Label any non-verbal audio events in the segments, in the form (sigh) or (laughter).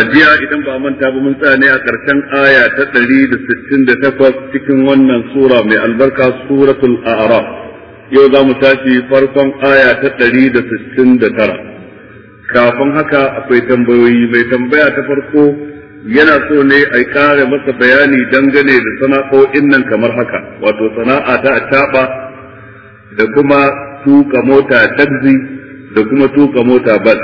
jiya, idan ba manta ba mun tsaya ne a ƙarshen aya ta 168 cikin wannan sura mai albarka suratul a'raf yau za mu tashi farkon aya ta 169 kafin haka akwai tambayoyi mai tambaya ta farko yana so ne a ƙara masa bayani dangane da sana'o'in nan kamar haka wato sana'a ta taɓa da kuma tuka mota taxi da kuma tuka mota bas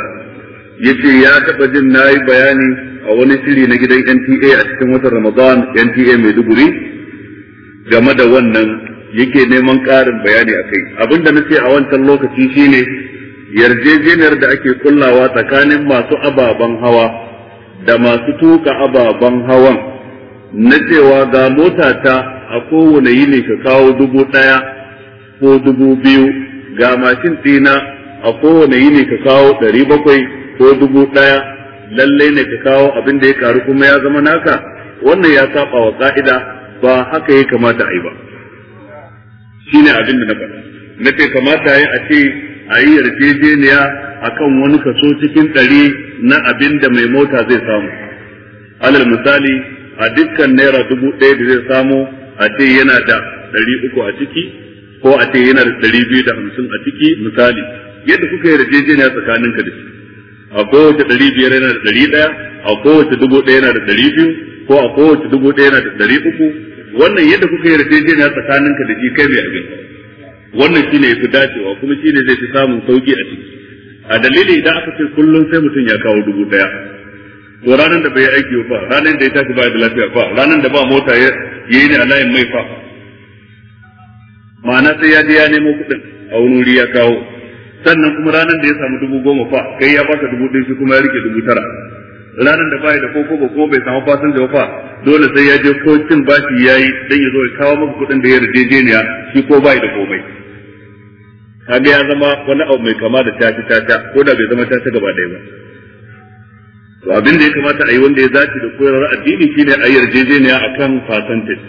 yace ya taba jin nayi bayani a wani shiri na gidan NTA a cikin watan Ramadan NTA mai duburi game da wannan yake neman ƙarin bayani a kai abinda nace a wancan lokaci shine yarjejeniyar da ake kullawa tsakanin masu ababen hawa da masu tuka ababen hawan na cewa ga mota ta a kowane ne ka kawo dubu ɗaya ko dubu biyu ga mashin ɗina a kowane ne ka kawo ɗari bakwai ko dubu ɗaya lalle ne ka kawo abin da ya karu kuma ya zama naka wannan ya saba wa ka'ida ba haka ya kamata a yi ba shine abin da na faɗa na ce kamata ya a ce a yi yarjejeniya akan wani kaso cikin ɗari na abin da mai mota zai samu alal misali a dukkan naira dubu ɗaya da zai samu a ce yana da ɗari uku a ciki ko a ce yana da ɗari biyu da hamsin a ciki misali yadda kuka yarjejeniya tsakaninka da shi a kowace ɗari biyar yana da ɗari ɗaya a kowace dubu ɗaya yana da ɗari biyu ko a kowace dubu ɗaya yana da ɗari uku wannan yadda kuka yi yarjejeniya tsakaninka da shi kai mai abin wannan shi ne ya fi dacewa kuma shi ne zai fi samun sauki a ciki a dalili idan aka ce kullum sai mutum ya kawo dubu ɗaya to ranar da bai yi aiki ba ranar da ya tashi ba da lafiya ba ranar da ba mota ya yi ne a layin mai fa ma'ana sai ya je ya nemo kuɗin a wani wuri ya kawo sannan kuma ranar da ya samu dubu goma fa kai ya baka dubu ɗaya shi kuma ya rike dubu tara ranar da baya da koko ba ko bai samu fasin da fa dole sai ya je ko cin bashi yi dan ya zo ya kawo maka kuɗin da ya yarjejeniya shi ko bai da komai kaga ya zama wani abu mai kama da tashi tata ko da bai zama tashi gaba ɗaya ba to abin da ya kamata a yi wanda ya zaci da koyarwar addini shine a yarjejeniya akan fasantin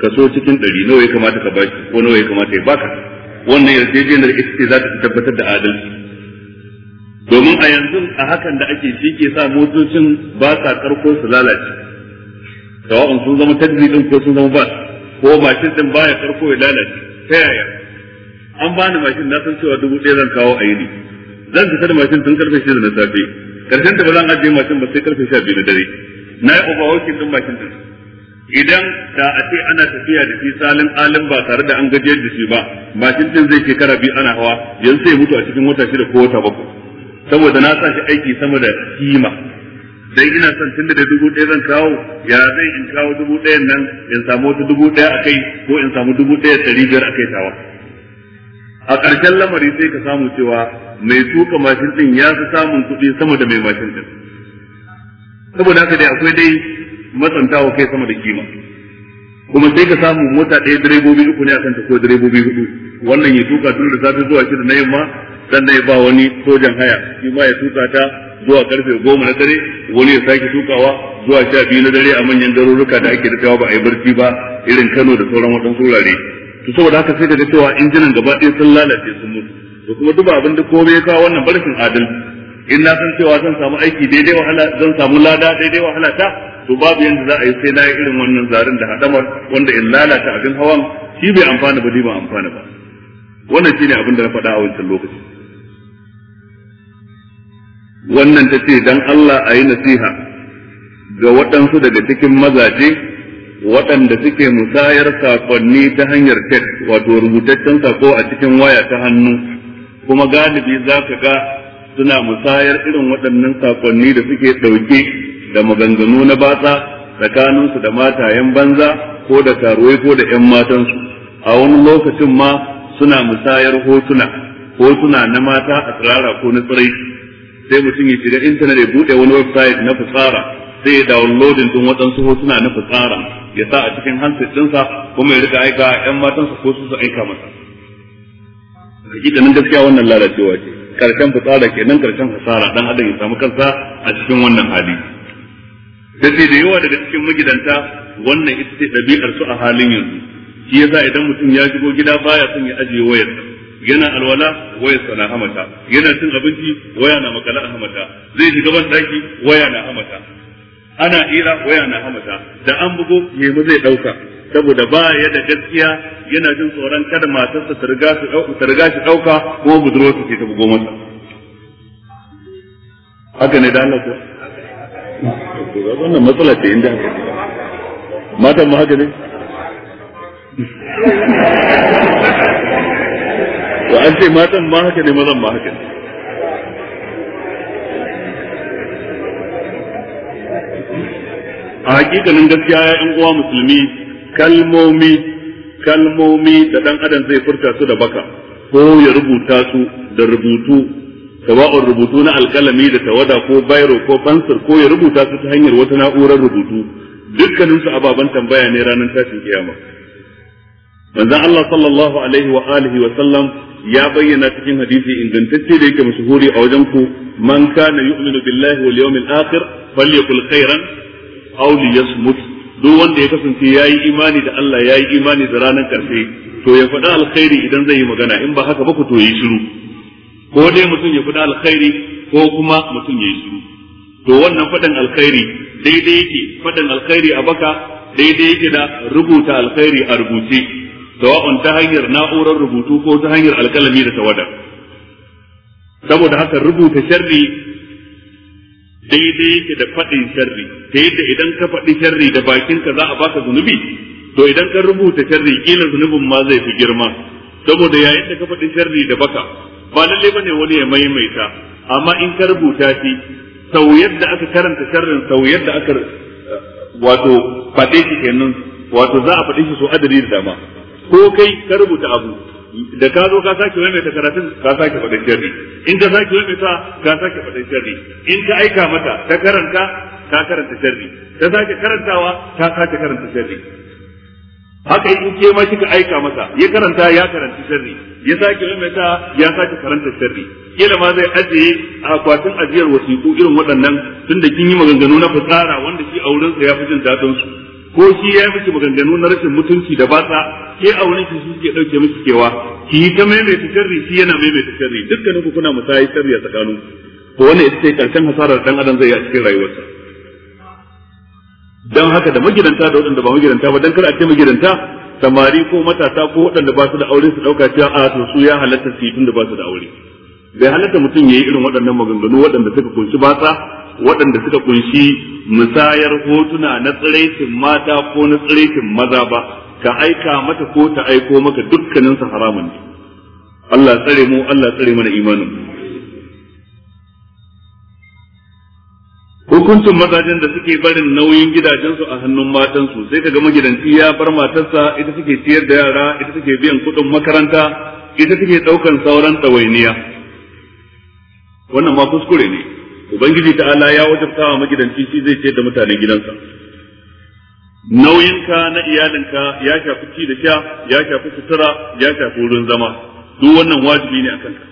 kaso cikin ɗari nawa ya kamata ka bashi ko nawa ya kamata ya baka wannan yarjejeniyar ita ce za ta tabbatar da adalci domin a yanzu a hakan da ake shi ke sa motocin ba sa karko su lalace sawa'un sun zama tajiri din ko sun zama ba ko mashin din baya karko ya lalace ta yaya an bani mashin na san cewa dubu ɗaya zan kawo a yini zan fita da mashin tun karfe shida na safe karshen da ba zan ajiye mashin ba sai karfe sha biyu na dare na yi overworking din mashin din idan da a ce ana tafiya da shi salin alim ba tare da an gaje da shi ba mashin din zai shekara biyu ana hawa yanzu sai mutu a cikin wata shida ko wata bakwai saboda na sa shi aiki sama da kima dan ina son tunda da dubu ɗaya zan kawo ya zai in kawo dubu ɗayan nan in samu wata dubu ɗaya a kai ko in samu dubu ɗaya ɗari biyar a kai tawa a ƙarshen lamari sai ka samu cewa mai tuka mashin din ya fi samun kuɗi sama da mai mashin din saboda haka dai akwai dai matsantawa kai sama da kima kuma sai ka samu mota ɗaya direbobi uku ne a kanta ko direbobi hudu wannan ya tuka tun da safe zuwa shida na yamma sannan ya ba wani sojan haya shi ma ya tuka ta zuwa karfe goma na dare wani ya sake tukawa zuwa sha biyu na dare a manyan garuruka da ake rikawa ba a yi barci ba irin Kano da sauran waɗansu wurare to saboda haka sai ka ga cewa injinan gaba ɗaya sun lalace sun mutu to kuma duba abin da komai ya kawo wannan barkin adalci in na san cewa zan samu aiki daidai wahala zan samu lada daidai wahala ta to babu yanda za a yi sai na yi irin wannan zarin da hadamar wanda in lalata abin hawan shi bai amfana ba ni ba amfana ba wannan shine abin da na faɗa a wancan lokaci wannan ta ce dan Allah a yi nasiha ga waɗansu daga cikin mazaje waɗanda suke musayar sakonni ta hanyar tek wato rubutaccen sako a cikin waya ta hannu kuma galibi za ka ga suna musayar irin waɗannan sakonni da suke ɗauke da maganganu na batsa tsakaninsu da matayen banza ko da taruwai ko da 'yan matansu a wani lokacin ma suna musayar hotuna hotuna na mata a tsirara ko na tsirai sai mutum ya shiga intanet ya buɗe wani website na fitsara sai ya downloading din waɗansu hotuna na fitsara ya sa a cikin handset ɗinsa kuma ya rika aika 'yan matansa ko su su aika masa hakikanin gaskiya wannan lalacewa ce karshen fitsara kenan karshen hasara dan adam ya samu kansa a cikin wannan hali dace da yawa daga cikin magidanta wannan ita ce ɗabi'ar su a halin yanzu shi yasa idan mutum ya shigo gida baya son ya ajiye wayarsa yana alwala wayarsa na hamata yana cin abinci waya na makala a hamata zai shiga ban daki waya na hamata ana ira waya na hamata da an bugo yemu zai ɗauka. saboda ba ya da gaskiya yana jin tsoron kada matarsa ta riga shi ɗauka, ko budurwarsa ce ta bugo masa haka ne da Allah ko wannan matsala ce inda haka matan ma haka ne to an ce matan ma haka ne mazan ma haka ne a hakikalin gaskiya ya yan uwa musulmi kalmomi kalmomi da dan adam zai furta su da baka ko ya rubuta su da rubutu sawa'un rubutu na alkalami da tawada ko bairo ko fansir ko ya rubuta su ta hanyar wata na'urar rubutu dukkanin su ababen tambaya ne ranar tashin kiyama manzon Allah sallallahu alaihi wa alihi wa sallam ya bayyana cikin hadisi ingantacce da yake mashhuri a wajen ku man kana yu'minu billahi wal yawmil akhir falyakul khairan aw liyasmut duk wanda ya kasance yayi imani da Allah yayi imani da ranar karshe to ya faɗa alkhairi idan zai yi magana in ba haka ba ku to yi shiru ko dai mutum ya fada alkhairi ko kuma mutum ya yi shiru to wannan faɗin alkhairi daidai yake faɗin alkhairi a baka daidai yake da rubuta alkhairi a rubuce sawa'un ta hanyar na'urar rubutu ko ta hanyar alkalami da tawada saboda haka rubuta sharri daidai yake da faɗin sharri ta yadda idan ka faɗi sharri da bakinka za a baka zunubi to idan ka rubuta sharri kila zunubin ma zai fi girma saboda yayin da ka faɗi sharri da baka ba lalle bane wani ya maimaita amma in ka rubuta shi sau yadda aka karanta sharrin sau yadda aka wato faɗe shi kenan wato za a faɗe shi so adadi da dama ko kai ka rubuta abu da ka zo ka sake maimaita karatun ka sake faɗin sharri in ka sake maimaita ka sake faɗin sharri in ka aika mata ta karanta ka karanta sharri ta sake karantawa ta sake karanta sharri haka in ke ma kika aika masa ya karanta ya karanta sirri ya sake maimaita ya sake karanta sirri kila ma zai ajiye akwatin ajiyar wasiku irin waɗannan tunda kin yi maganganu na fasara wanda shi a wurinsa ya fi jin daɗin su ko shi ya miki maganganu na rashin mutunci da batsa ke a wurin shi ke ɗauke miki kewa ki yi ta maimaita sharri shi yana maimaita sharri dukkanin ku kuna musayi sharri a tsakaninku to wannan ita ce karshen hasarar dan adam zai yi a cikin rayuwarsa dan haka da magidanta da waɗanda ba magidanta ba don kar a ce magidanta samari ko matasa ko waɗanda ba su da aure su dauka cewa a to su ya halatta su da ba su da aure bai halatta mutum ya yi irin waɗannan maganganu waɗanda suka kunshi sa waɗanda suka kunshi musayar hotuna na tsiraitin mata ko na tsiraitin maza ba ka aika mata ko ta aiko maka dukkaninsa haramun ne Allah tsare mu Allah tsare mana imanin mu hukuncin mazajen da suke barin nauyin gidajensu a hannun matansu sai kaga magidanci ya bar matarsa ita suke ciyar da yara ita suke biyan kuɗin makaranta ita suke ɗaukan sauran ɗawainiya wannan ma kuskure ne ubangiji ta'ala ya wajabta wa magidanci shi zai ce da mutanen gidansa nauyinka na iyalinka ya shafi ci da sha ya shafi sutura ya shafi wurin zama duk wannan wajibi ne akan ka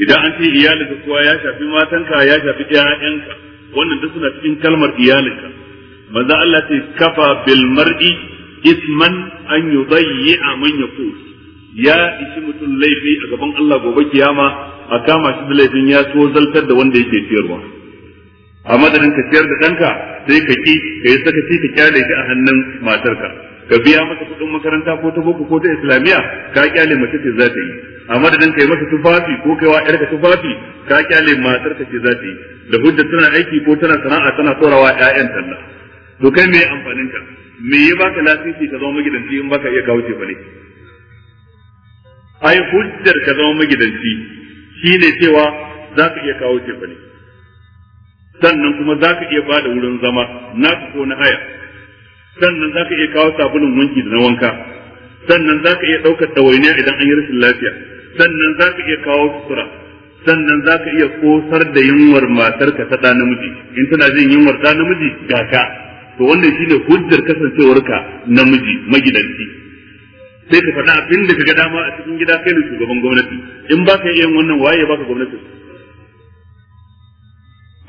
idan an ce iyalinka kuwa ya shafi matanka ya shafi ƴaƴanka wannan duk suna cikin kalmar iyalinka manzo Allah ce kafa bil mar'i isman an a man yaqul ya ishi mutum laifi a gaban Allah gobe kiyama a kama shi da laifin ya so zaltar da wanda yake ciyarwa a madadin ka ciyar da ɗanka sai ka ki ka yi saka, ci ka kyale shi a hannun matarka ka biya masa kuɗin makaranta ko ta boko ko ta islamiyya ka kyale mace ce za ta yi a madadin kai masa tufafi ko kaiwa yarka tufafi ka kyale matar ka ce za ta yi da hujja tana aiki ko tana sana'a tana tsorawa ƴaƴan talla to kai me amfanin ka me ya baka lasisi ka zama magidanci in baka iya kawo ce bane ai hujjar ka zama magidanci shine cewa za ka iya kawo ce bane sannan kuma za ka iya bada wurin zama na ko na haya sannan za ka iya kawo sabulun wanki da na wanka sannan za ka iya ɗaukar ɗawainiya idan an yi rashin lafiya sannan za ka iya kawo sutura sannan za ka iya kosar da yunwar matarka ta ɗa namiji in tana jin yunwar ɗa namiji ga ka to wannan ne hujjar kasancewarka namiji magidanci sai ka faɗa abin da ka ga dama a cikin gida kai ne shugaban gwamnati in ba ka iya wannan waye ba ka gwamnati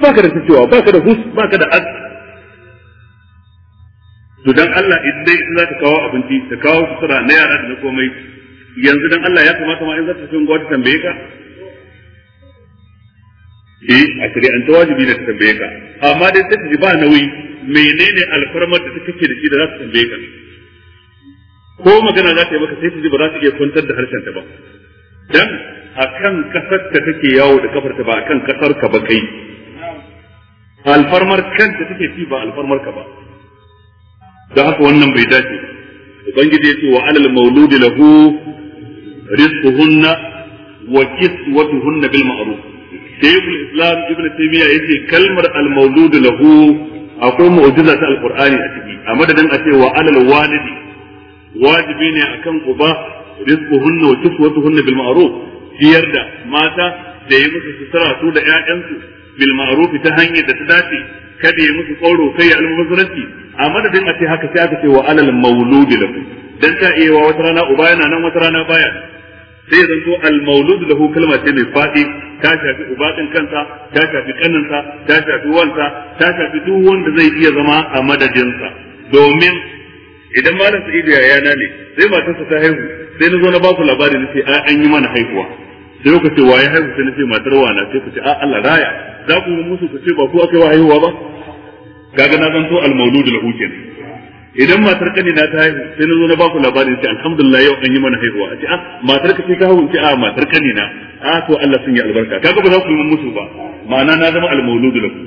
ba ka da cewa ba ka da hus ba ka da to dan Allah idan dai za ta kawo abinci ta kawo sutura na yara da na komai yanzu dan Allah ya kamata ma in za ta sun da tambaye ka eh a shari'anta wajibi ne ta tambaye ka amma dai ta ji ba nauyi menene alfarmar da take da shi da za ta tambaye ka ko magana za ta yi maka sai ta ji ba za ta iya kwantar da harshen ta ba dan akan kasar ka take yawo da kafarta ba akan kasar ka ba kai alfarmar kanta take ci ba alfarmar ka ba don haka wannan bai dace ubangiji ya ce wa alal mauludi lahu rizquhunna wa kiswatuhunna bil ma'ruf shaykh islam ibn taymiya yace kalmar al mauludi lahu akwai mu'jiza ta alqur'ani a ciki a madadin a ce wa alal walidi wajibi ne akan uba rizquhunna wa kiswatuhunna bil ma'ruf ciyar da mata da yi musu sutura su da 'ya'yansu bil ma'ruf ta hanyar da ta dace kada ya musu tsoro kai ya almubazzaranci a madadin a ce haka sai aka ce wa alal mauludi lahu dan ta iya wata rana uba yana nan wata rana baya sai ya zanto al mauludu lahu kalma ce mai fadi ta shafi uba din kansa ta shafi kaninsa ta shafi wansa ta shafi duk wanda zai iya zama a madadinsa domin idan malam sa'idu yana ne sai matarsa ta haihu sai na zo na baku labari na ce an yi mana haihuwa sai ku ce waye haihu sai na ce matar wana sai ce a Allah raya za ku musu ku ce ba ku aka wa haihuwa ba kaga na zanto al-mauludu lahu kenan idan matar kani na ta haihu sai na zo na baku labarin sai alhamdulillah yau an yi mana haihuwa a ce a ah, matar ka ce ta haihu ce a ah, matar kani na a to Allah sun yi albarka kaga ba za ku yi musu ba ma'ana na zama al-mauludu lahu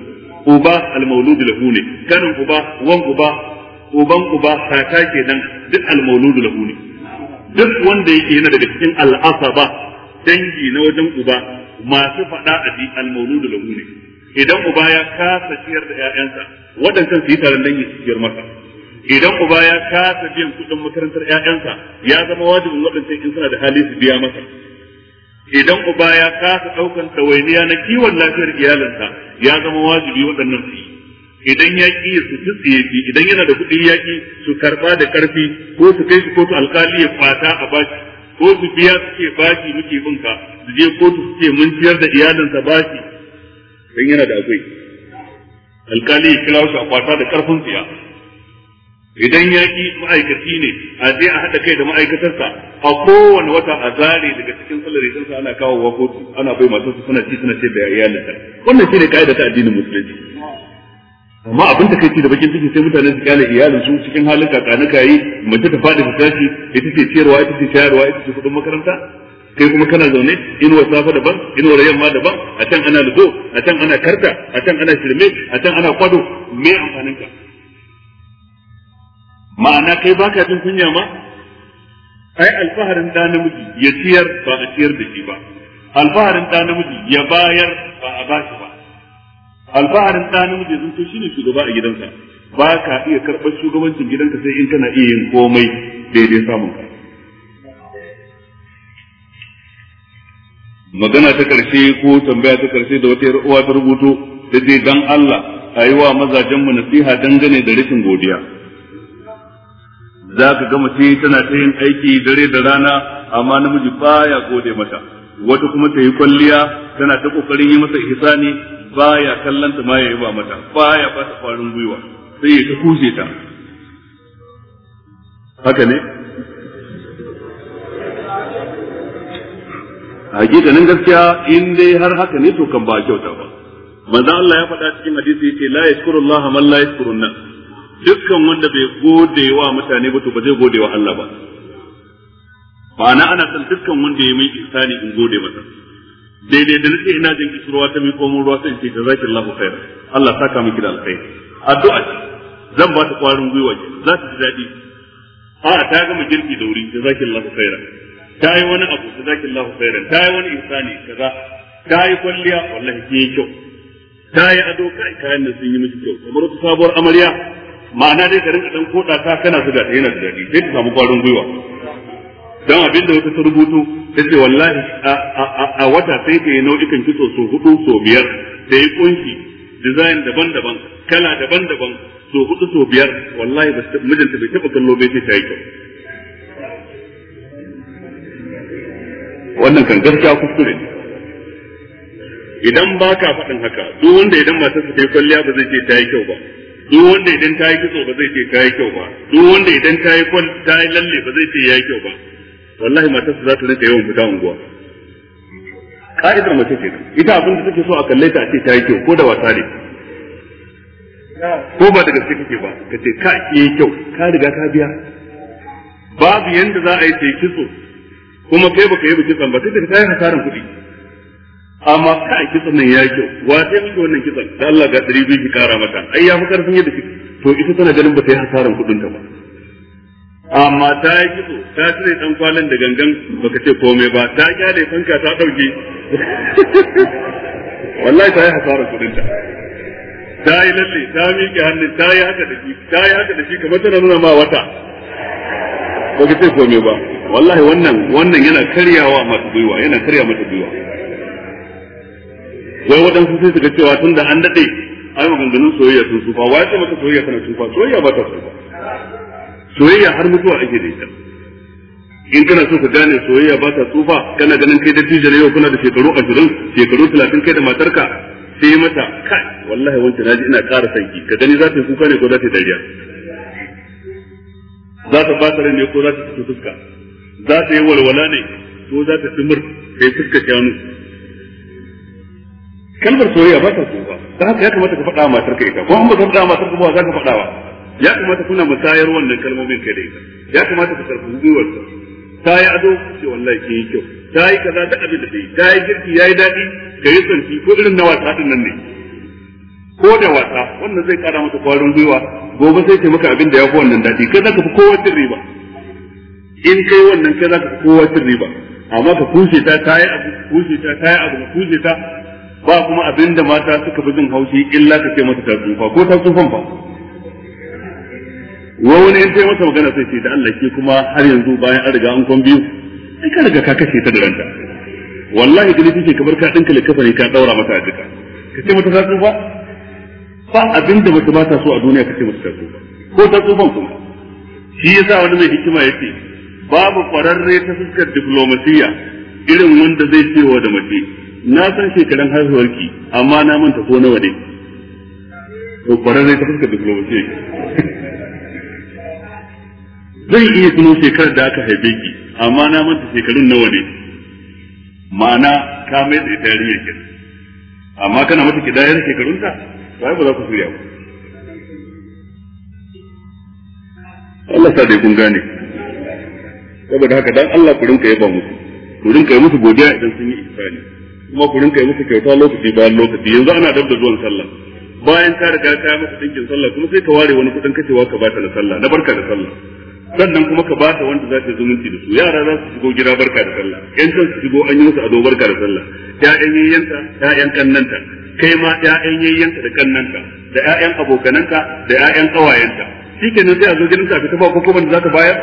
uba al-mauludu lahu ne kanin uba wan uba uban uba kaka kenan duk al-mauludu lahu ne duk wanda yake yana daga cikin al-asaba dangi na wajen uba masu fada a ji al-mauludu lahu ne idan uba ya kasa ciyar da ƴaƴansa waɗancan su yi taron dangi su ciyar masa idan uba ya kasa biyan kuɗin makarantar ƴaƴansa ya zama wajibin waɗancan in suna da hali su biya masa idan uba ya kasa ɗaukan tawainiya na kiwon lafiyar iyalinsa ya zama wajibi waɗannan su yi idan ya ki su tutsi ya idan yana da kuɗin ya ki su karɓa da ƙarfi ko su kai su kotu alƙali ya fata a baki, ko su biya su ce bashi muke binka su je kotu su ce mun ciyar da iyalinsa bashi dan yana da akwai alkali ya kira shi a kwata da karfin tsiya idan ya ki ma'aikaci ne a je a haɗa kai da ma'aikatarsa a kowane wata a zare daga cikin salari ɗinsa ana kawo wa kotu ana bai masu su suna ci suna ce da iyalinta wannan shi ne ka'ida ta addinin musulunci amma abin da kai ci da bakin ciki sai mutane su kyale iyalin su cikin halin kakanuka yi mace ta faɗi ta ita ce ciyarwa ita ce shayarwa ita ce kuɗin makaranta kai kuma kana zaune inuwa safa daban inuwar yamma daban a can ana lugo a can ana karta a can ana shirme a can ana kwado me amfanin ka ma'ana kai baka jin kunya ma ai alfaharin da namiji ya ciyar ba a ciyar da shi ba alfaharin da namiji ya bayar ba a bashi ba alfaharin da namiji zan shi shine shugaba a gidansa ba ka iya karɓar shugabancin gidanka sai in kana iya yin komai daidai samun ka magana ta karshe ko tambaya ta karshe da wata uwa ta rubuto da dai dan Allah a yi wa mazajen mu nasiha dangane da rashin godiya za ka ga mace tana ta yin aiki dare da rana amma namiji baya gode mata wata kuma ta yi kwalliya tana ta kokarin yi masa ihsani baya kallon ta ma ya yi ba mata baya ba ta farin gwiwa sai ya ta kushe ta haka ne hakikanin gaskiya in dai har haka ne to kan ba kyauta ba manzo Allah ya faɗa cikin hadisi yace la yashkurullah man la yashkurun nas dukkan wanda bai gode wa mutane ba to ba zai gode wa Allah ba ba na ana san dukkan wanda ya min ihsani in gode masa daidai da nake ina jin kisruwa ta mai komo ruwa sai ce jazakallahu khair Allah saka miki da alkhair addu'a zan ba ta kwarin gwiwa za ta ji daɗi a ta gama girki da wuri jazakallahu khair ta yi wani abu da zaki Allah khairan ta yi wani insani kaza ta yi kwalliya wallahi ki yi kyau ta yi ado kai kayan da sun yi miki kyau kamar wata sabuwar amarya ma'ana dai ka rinka dan koda ta kana zuga ta yana zuga sai ka samu kwarin gwiwa dan abinda wata ta rubutu sai wallahi a wata sai ta yi nau'ikan kitso so hudu so biyar da ya kunshi design daban-daban kala daban-daban so hudu so biyar wallahi mijinta bai taba kallo bai ce ta yi kyau wannan kan gaskiya kuskure ne idan ba ka faɗin haka duk wanda idan matarsa ta yi kwalliya ba zai ce ta yi kyau ba duk wanda idan ta yi kitso ba zai ce ta yi kyau ba duk wanda idan ta yi ta yi lalle ba zai ce ya yi kyau ba wallahi matarsa za ta rinka yawan fita unguwa ka'idar mace ce ita abin da take so a kalle ta ce ta yi kyau ko da wasa ne ko ba da gaske kake ba ka ce ka yi eh, kyau ka riga ka biya babu yanda za a yi ta yi kitso kuma kai baka yi ba kitsan ba sai ka yi hasaran kuɗi amma ka kitsan nan ya kyau wa sai miki wannan kitsan da Allah ga dari biyu ki kara mata ai ya fi karfin yadda kike to ita tana ganin ba ta yi hasaran kuɗin ta ba amma ta yi kitso ta cire dan kwalan da gangan baka ce komai ba ta kyale fanka ta dauke (laughs) wallahi ta yi hasaran kuɗin ta ta yi lalle ta miƙe hannun ta yi haka da shi ta yi haka da shi kamar tana nuna ma wata baka ce komai ba wallahi wannan wannan yana karyawa masu gwiwa yana karya mata gwiwa wai waɗansu sai su ga cewa tun da an daɗe ai maganganun soyayya sun tsufa wa ce mata soyayya tana tsufa soyayya ba ta tsufa soyayya har mutuwa ake da ita in kana so ka gane soyayya ba ta tsufa kana ganin kai da tijar yau kuna da shekaru ashirin shekaru talatin kai da matarka sai mata kai wallahi wancan naji ina ƙara sanki ka gani za ta yi kuka ne ko za ta yi dariya za ta ba ta rai ne ko za ta fito fuska za ta yi walwala ne ko za ta dumur sai suka shanu kalmar soyayya ba ta so ba ta haka ya kamata ka faɗa wa matarka ita ko an ba ka faɗa wa matarka ba za ka faɗa wa ya kamata kuna musayar wannan kalmomin kai da ita ya kamata ka karɓi gwiwarsa ta yi ado ce wallahi ke yi kyau ta yi kaza da abin da ta yi ta yi girki ya yi daɗi ka yi tsarki ko irin na wasa ɗin nan ne ko da wasa wannan zai ƙara masa kwarin gwiwa gobe sai taimaka maka abin da ya fi wannan daɗi kai za ka fi kowace riba in kai wannan kai fi kowa cin riba amma ka kushe ta ta yi abu kushe ta ta yi abu kushe ta ba kuma abin da mata suka fi jin haushi illa ka ce mata ta tsufa ko ta tsufan ba wa wani in yi mata magana sai ce da Allah ke kuma har yanzu bayan an riga an kwan biyu sai ka riga ka kashe ta da ranta wallahi gani kike kamar ka dinka likafa ne ka daura mata a jika ka ce mata ta tsufa ba da mata ba ta so a duniya ka ce mata ta tsufa ko ta tsufan kuma shi yasa wani mai hikima ce babu kwararre ta fuskar diplomasiya irin wanda zai cewa da mace na san shekaran haihuwarki amma na manta ko nawa ne to kwararre ta fuskar diplomasiya (laughs) zai iya tuno shekarar da aka haife ki amma na manta shekarun nawa ne ma'ana ka mai tsaye ita yarinya kenan amma kana mata kidayar ta ba ba za ku shirya ba Allah sa dai kun gane saboda haka dan Allah ku rinka yaba musu ku rinka yi musu godiya idan sun yi ihsani kuma ku rinka yi musu kyauta lokaci bayan lokaci yanzu ana dab da zuwan sallah bayan ka riga ka yi masa dinkin sallah kuma sai ka ware wani kudin kacewa ka bata na sallah na barka da sallah sannan kuma ka bata wanda za ta zumunci da su yara za su shigo gida barka da sallah yan can su shigo an yi musu ado barka da sallah ya'yan yayyanta ya'yan kannanta kai ma ya'yan yayyanta da kannanta da ƴaƴan abokananta da ƴaƴan kawayenta. shikenan sai a zo gidanka ka tafa ko kuma da za bayar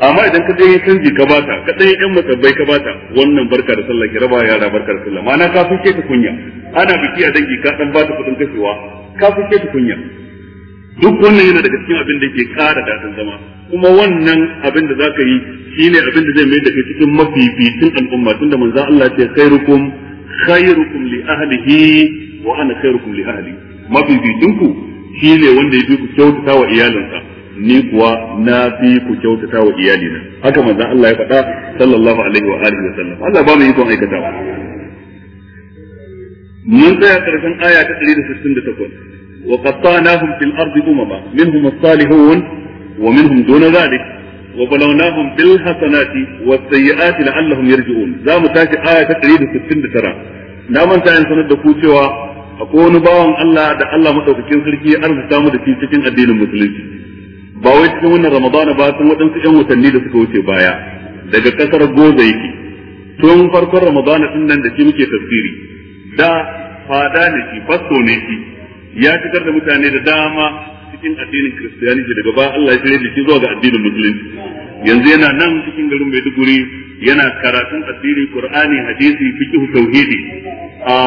amma idan ka ɗaya canji ka bata ka ɗaya ɗan masabbai ka bata wannan barka da sallah ki raba yara barka da sallah ma'ana ka ke ta kunya ana biki a dangi ka ɗan bata kuɗin kashewa ka ke ta kunya duk wannan yana daga cikin abin da ke ƙara daɗin zama kuma wannan abin da za ka yi shi ne abin da zai mai da kai cikin mafificin al'umma tunda manzan Allah ya ce khairukum khairukum li ahlihi wa ana khairukum li ahli mafificinku ne wanda ya fi ku kyautata wa iyalinsa ni kuwa na fi ku kyautata wa iyalina haka manzon Allah ya faɗa sallallahu alaihi wa alihi wa sallam Allah ba mu yi kon aikatawa mun tsaya karshen aya ta 168 wa qattanahum fil ardi umama minhum as-salihun wa minhum duna dhalik wa balawnahum bil hasanati was sayyiati la'allahum yarji'un za mu tashi aya ta 169 na manta in sanar da ku cewa akwai wani bawan Allah da Allah madaukakin sarki ya arzuta mu da cikin addinin musulunci ba wai cikin wannan ramadan ba sun waɗansu ƴan watanni da suka wuce baya daga kasar goza yake tun farkon ramadan din nan da shi muke tafsiri da fada ne shi fasto ne shi ya fitar da mutane da dama cikin addinin kiristiyaniti daga ba Allah ya shirye da shi zuwa ga addinin musulunci yanzu yana nan cikin garin Maiduguri yana karatun addinin Qur'ani hadisi fiqh tauhidi a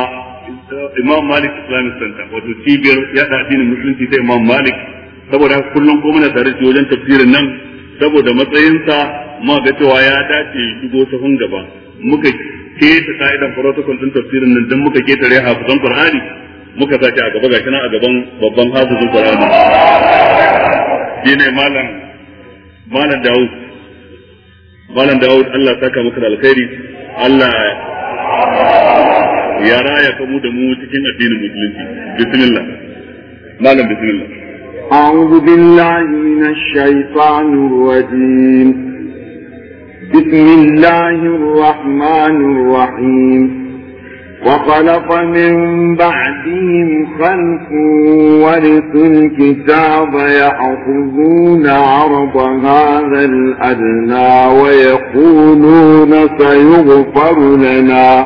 Imam Malik Islamic Center wato cibiyar yada addinin musulunci ta Imam Malik saboda kullum ko muna tare da wajen tafsirin nan saboda matsayinsa ma ga cewa ya dace shigo sahun gaba muka keta ka'idan protocol din tafsirin nan dan muka keta rai hafizan Qur'ani muka sace a gaba gashi nan a gaban babban hafizan Qur'ani dine malam malam daud malam daud Allah saka maka da alkhairi Allah ya raya kamu da mu cikin addinin musulunci bismillah malam bismillah أعوذ بالله من الشيطان الرجيم بسم الله الرحمن الرحيم وخلق من بعدهم خلق ورثوا الكتاب يأخذون عرض هذا الأدنى ويقولون سيغفر لنا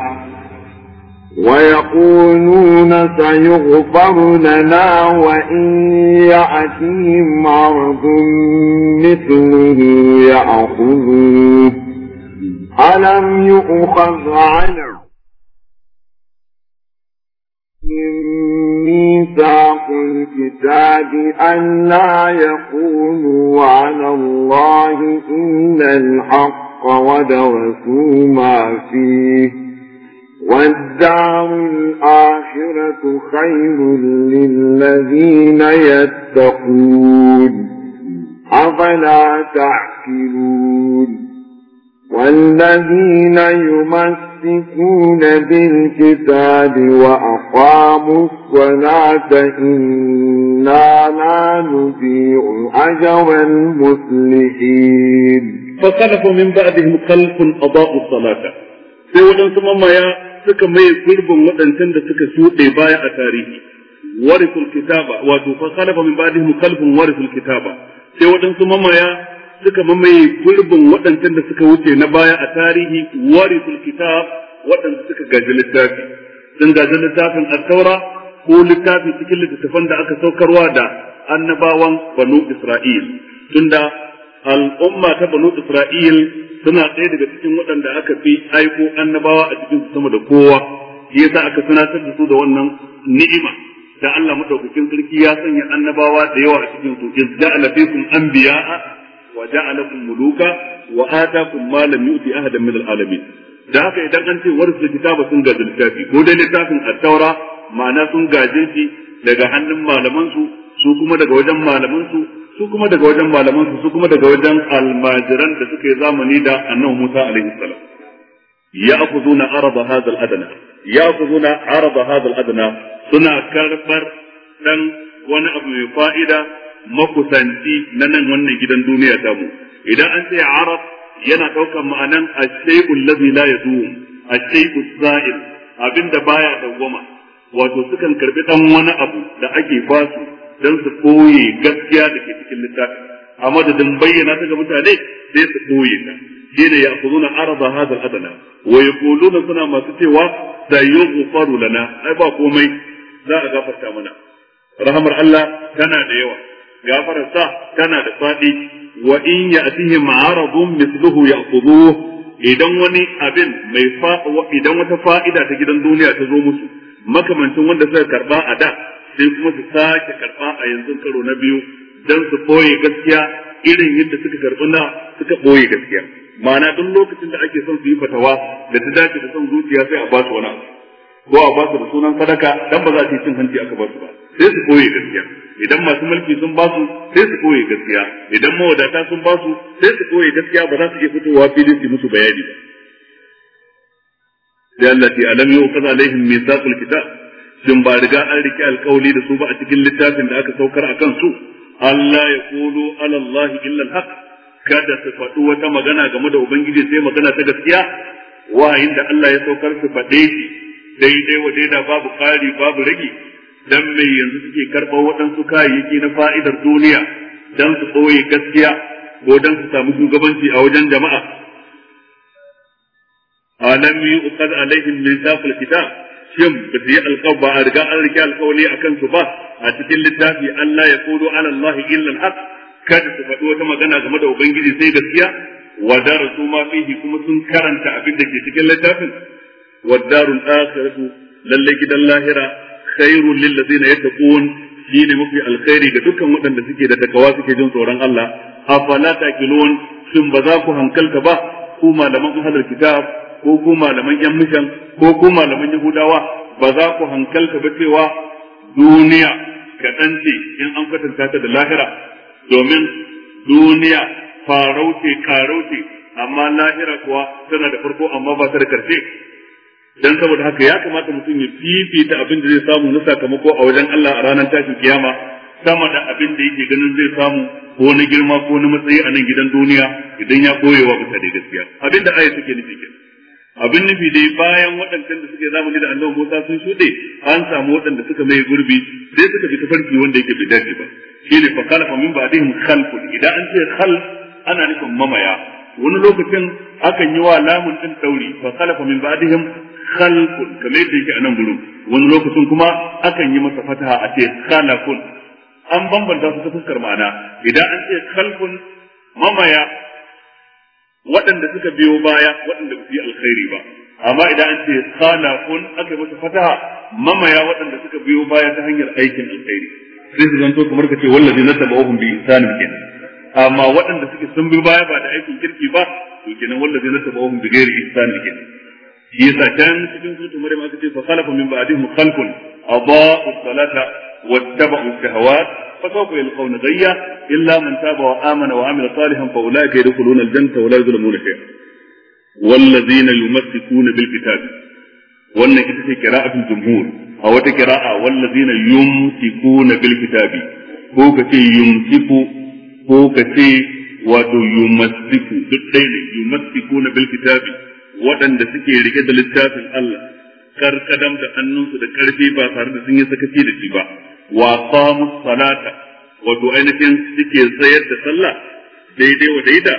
ويقولون سيغفر لنا وإن يأتيهم عرض مثله يأخذوه ألم يؤخذ عنه ميثاق الكتاب أن لا يقولوا على الله إلا الحق ودرسوا ما فيه والدار الآخرة خير للذين يتقون أفلا تعقلون والذين يمسكون بالكتاب وأقاموا الصلاة إنا لا نضيع أجر المصلحين فخلفوا من بعدهم خلف أضاءوا الصلاة سيوجد ثم ما suka maye gurbin waɗancan da suka shuɗe baya a tarihi warisul kitaba wato fa khalafa min ba'dihim khalfun warisul kitaba sai waɗansu mamaya suka mamaye gurbin waɗancan da suka wuce na baya a tarihi warisul kitab waɗanda suka gaji littafi sun gaji littafin Attaura taura ko littafi cikin littattafan da aka saukarwa da annabawan banu isra'il tunda al'umma ta banu Isra'il suna ɗaya daga cikin waɗanda aka fi aiko annabawa a cikin sama da kowa ya yasa aka sanatar da su da wannan ni'ima da Allah madaukakin sarki ya sanya annabawa da yawa a cikin su iz ja'ala fikum anbiya'a wa ja'alakum muluka wa atakum ma lam yu'ti ahadan min al'alamin da haka idan an ce warisul kitaba sun gaji littafi ko dai littafin at-taura ma'ana sun gaje shi daga hannun malaman su su kuma daga wajen malaman su su kuma daga wajen malaman su kuma daga wajen almajiran da suke zamani da annabi Musa alaihi salam ya'khuduna arada hadha al-adna ya'khuduna arada hadha al suna karbar dan wani abu mai fa'ida makusanci na nan wannan gidan duniya ta mu idan an ce arab yana daukan ma'anan ash-shay'u allazi la yadum ash-shay'u sa'il abinda baya dawwama wato sukan karbi dan wani abu da ake fasu. don su koye gaskiya da ke cikin littafin a madadin bayyana ta ga mutane sai su koye ta shine ya kuzuna arada hadal adana wa yaquluna suna masu cewa da faru lana ai ba komai za a gafarta mana rahamar Allah tana da yawa gafararsa tana da faɗi. wa in ya ya'tihim ma'arabun mithluhu ya'khudhuhu idan wani abin mai idan wata fa'ida ta gidan duniya ta zo musu makamancin wanda suka karba a da sai kuma su sake karɓa a yanzu karo na biyu don su ɓoye gaskiya irin yadda suka karɓi na suka ɓoye gaskiya ma'ana duk lokacin da ake son su yi fatawa da ta dace da son zuciya sai a ba su wani ko a ba su da sunan sadaka dan ba za su yi cin hanci aka ba su ba sai su ɓoye gaskiya idan masu mulki sun ba su sai su ɓoye gaskiya idan mawadata sun ba su sai su ɓoye gaskiya ba za su iya fitowa filin su musu bayani ba لأن Allah ألم alam yau kaza الكتاب din ba riga an rike alkawali da su ba a cikin littafin da aka saukar a kansu Allah ya kulu ala Allah illa alhaq kada su faɗi wata magana game da ubangiji sai magana ta gaskiya wayin da Allah ya saukar su faɗe shi daidai wa daida babu ƙari babu rage dan mai yanzu suke karɓar waɗansu kayayyaki na fa'idar duniya dan su ɓoye gaskiya ko dan su samu shugabanci a wajen jama'a alam yuqad alaihim littafin kitab shin ba su yi ba a riga an rike alƙawali a kansu ba a cikin littafi Allah ya kodo ala Allah illan alhaq kada su faɗi wata magana game da ubangiji sai gaskiya wa darasu ma fihi kuma sun karanta abin da ke cikin littafin wa darul akhiratu lalle gidan lahira khairul lil ladina yattaqun shine mafi alkhairi ga dukkan waɗanda suke da takawa suke jin tsoron Allah afala taqilun shin ba za ku hankalta ba ku malaman ahlul kitab ko ku malaman yan mishan ko ku malaman yahudawa ba za ku hankalta ba cewa duniya kaɗan ce in an kwatanta ta da lahira domin duniya farau karauce amma lahira kuwa tana da farko amma ba ta da karshe dan saboda haka ya kamata mutum ya fifita abin da zai samu na sakamako a wajen Allah a ranar tashin kiyama sama da abin da yake ganin zai samu ko na girma ko na matsayi a nan gidan duniya idan ya koyewa mutane gaskiya abin da aya take nufi kenan abin nufi dai bayan waɗancan da suke zamani da annabi Musa sun shuɗe an samu waɗanda suka mai gurbi sai suka bi tafarki wanda yake bai dace ba shi ne fa kala min ba'dihim khalqun idan an ce khalq ana nufin mamaya wani lokacin akan yi wa lamun din dauri fa khalafa min ba'dihim khalqun kamar da yake anan nan wani lokacin kuma akan yi masa fataha a ce khalaqun an bambanta su ta fuskar ma'ana idan an ce khalqun mamaya waɗanda suka biyo baya waɗanda ba su yi alkhairi ba amma idan an ce salafun aka masa fataha mamaya waɗanda suka biyo baya ta hanyar aikin alkhairi sai su zanto kamar ka ce wallazi na tabawuhum bi insanin kenan amma waɗanda suke sun bi baya ba da aikin kirki ba to kenan wallazi na tabawuhum bi ghairi insanin kenan shi yasa can cikin sutu maryam aka ce fa khalafa min ba'dihim khalqun adaa'u salata واتبعوا الشهوات فسوف يلقون غيا إلا من تاب وآمن وعمل صالحا فأولئك يدخلون الجنة ولا يظلمون شيئا والذين يمسكون بالكتاب وأن كتاب قراءة الجمهور أو قراءة والذين يمسكون بالكتاب ko ka ce yumsiku ko ka ce wato yumasiku duk ɗaya ne yumasiku na bil kitabi waɗanda suke rike da littafin Allah karkadam da hannunsu da ƙarfi ba tare da sun yi sakaci da shi ba wa qamu salata wato ainihin suke tsayar da sallah daidai wa daida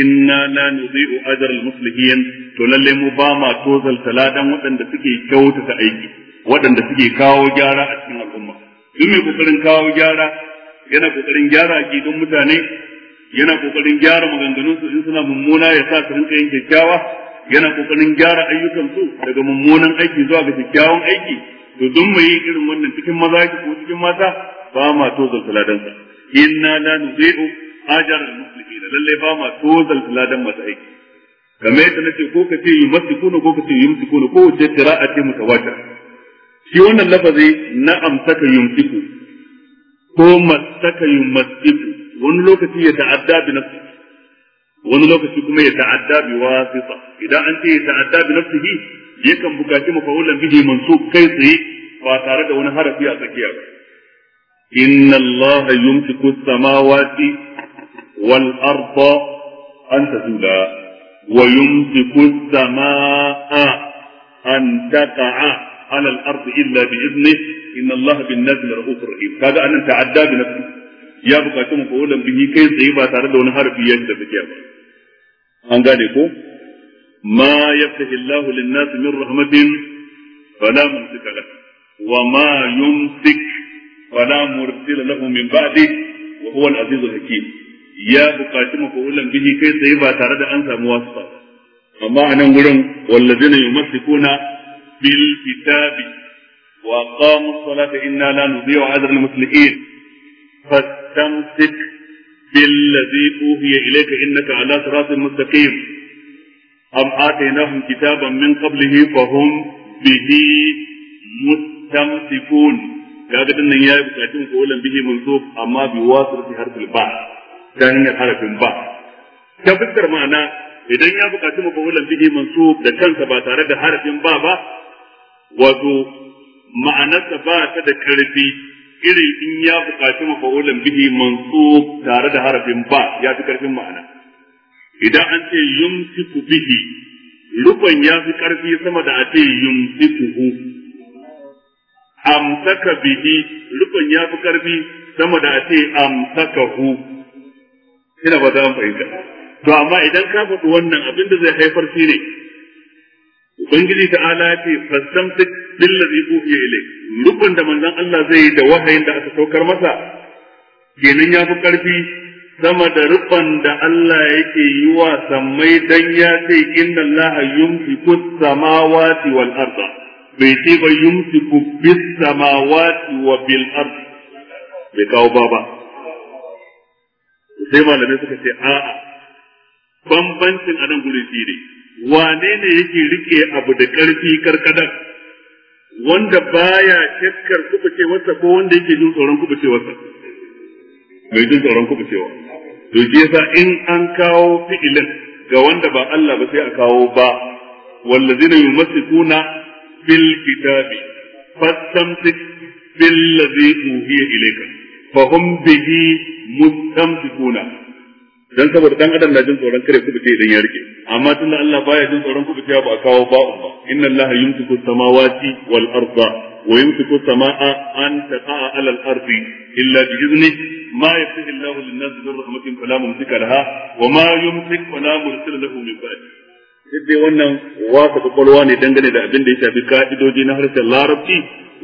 inna la nudhi'u ajra al-muslimin to lalle mu ba ma tozal taladan waɗanda suke kyautata aiki waɗanda suke kawo gyara a cikin al'umma duk mai kokarin kawo gyara yana kokarin gyara gidan mutane yana kokarin gyara maganganun su in suna mummuna ya sa su rinka yin kyakkyawa yana kokarin gyara ayyukan su daga mummunan aiki zuwa ga kyakkyawan aiki to don mai irin wannan cikin maza ki ko cikin mata ba ma zalzala dan sa inna la nuzi'u ajar al muslimin lalle ba ma tozal dan masu aiki kamar yadda nace ko ka ce yumassikuna ko ka ce yumsikuna ko wace qira'a ce mutawatir shi wannan lafazi na amsaka yumsiku ko masaka yumsiku wani lokaci ya ta'adda bi nafsi wani lokaci kuma ya ta'adda bi wasita idan an ce ya ta'adda bi nafsihi yakan bukaci mafa'ulan bihi mansub kai tsaye ba tare da wani harafi a tsakiya ba inna allaha yumsiku samawati wal arda kaga annan ta'adda ya bukaci mafa'ulan bihi kai tsaye ba tare da wani ko ما يفتح الله للناس من رحمة فلا ممسك له وما يمسك فلا مرسل له من بعده وهو العزيز الحكيم يا بقاتم فأولا به كي سيبا ترد أنسى مواسطة أما أنا نقول والذين يمسكون بالكتاب وأقاموا الصلاة إنا لا نضيع أجر المصلحين فاستمسك بالذي أوهي إليك إنك على صراط مستقيم am atainahum kitaban min qablihi fa hum bihi mustamsikun kaga din nan yayi bukatun qawlan bihi mansub amma bi wasirati harfil ba ta hanyar harafin ba ta idan ya bukaci mafa'ulan bihi mansub da kansa ba tare da harafin ba ba wato ma'anarsa ba ta da karfi irin in ya bukaci mafa'ulan bihi mansub tare da harafin ba ya fi ƙarfin ma'ana idan an ce siku bihi rukun ya fi ƙarfi sama da a ce yumsikuhu amsaka bihi rukun ya fi ƙarfi sama da a ce hu. ina ba za mu fahimta to amma idan ka faɗi wannan abin da zai haifar shi ne ubangiji ta'ala ce fastamtik billazi uhiya ile. rukun da manzon Allah zai yi da wahayin da aka saukar masa kenan ya fi ƙarfi sama da rufan da Allah yake yi wa sammai dan ya ce inna Allah yumsiku samawati wal arda bai ce ba yumsiku bis samawati wa bil ardi bai kawo ba ba sai malami suka ce a bambancin anan guri shi ne wane ne yake rike abu da karfi karkadan wanda baya shakkar wasa ko wanda yake jin tsoron wasa mai jin tsoron cewa. to shi yasa in an kawo fi'ilin ga wanda ba Allah ba sai a kawo ba wallazina yumassikuna bil kitabi fastamsik bil ladzi uhiya ilayka fa hum bihi mustamsikuna dan saboda dan adam na jin tsoron kare kubuce idan ya rike amma tunda Allah baya jin tsoron kubuce ba a kawo ba'un ba inna Allah yumsiku samawati wal arda ويمسك السماء أن تقع على الأرض إلا بإذنه ما يفتح الله للناس من رحمة فلا ممسك لها وما يمسك فلا مرسل له من بعده duk dai wannan wasa kwakwalwa ne dangane da abin da ya shafi ka'idoji na harshen larabci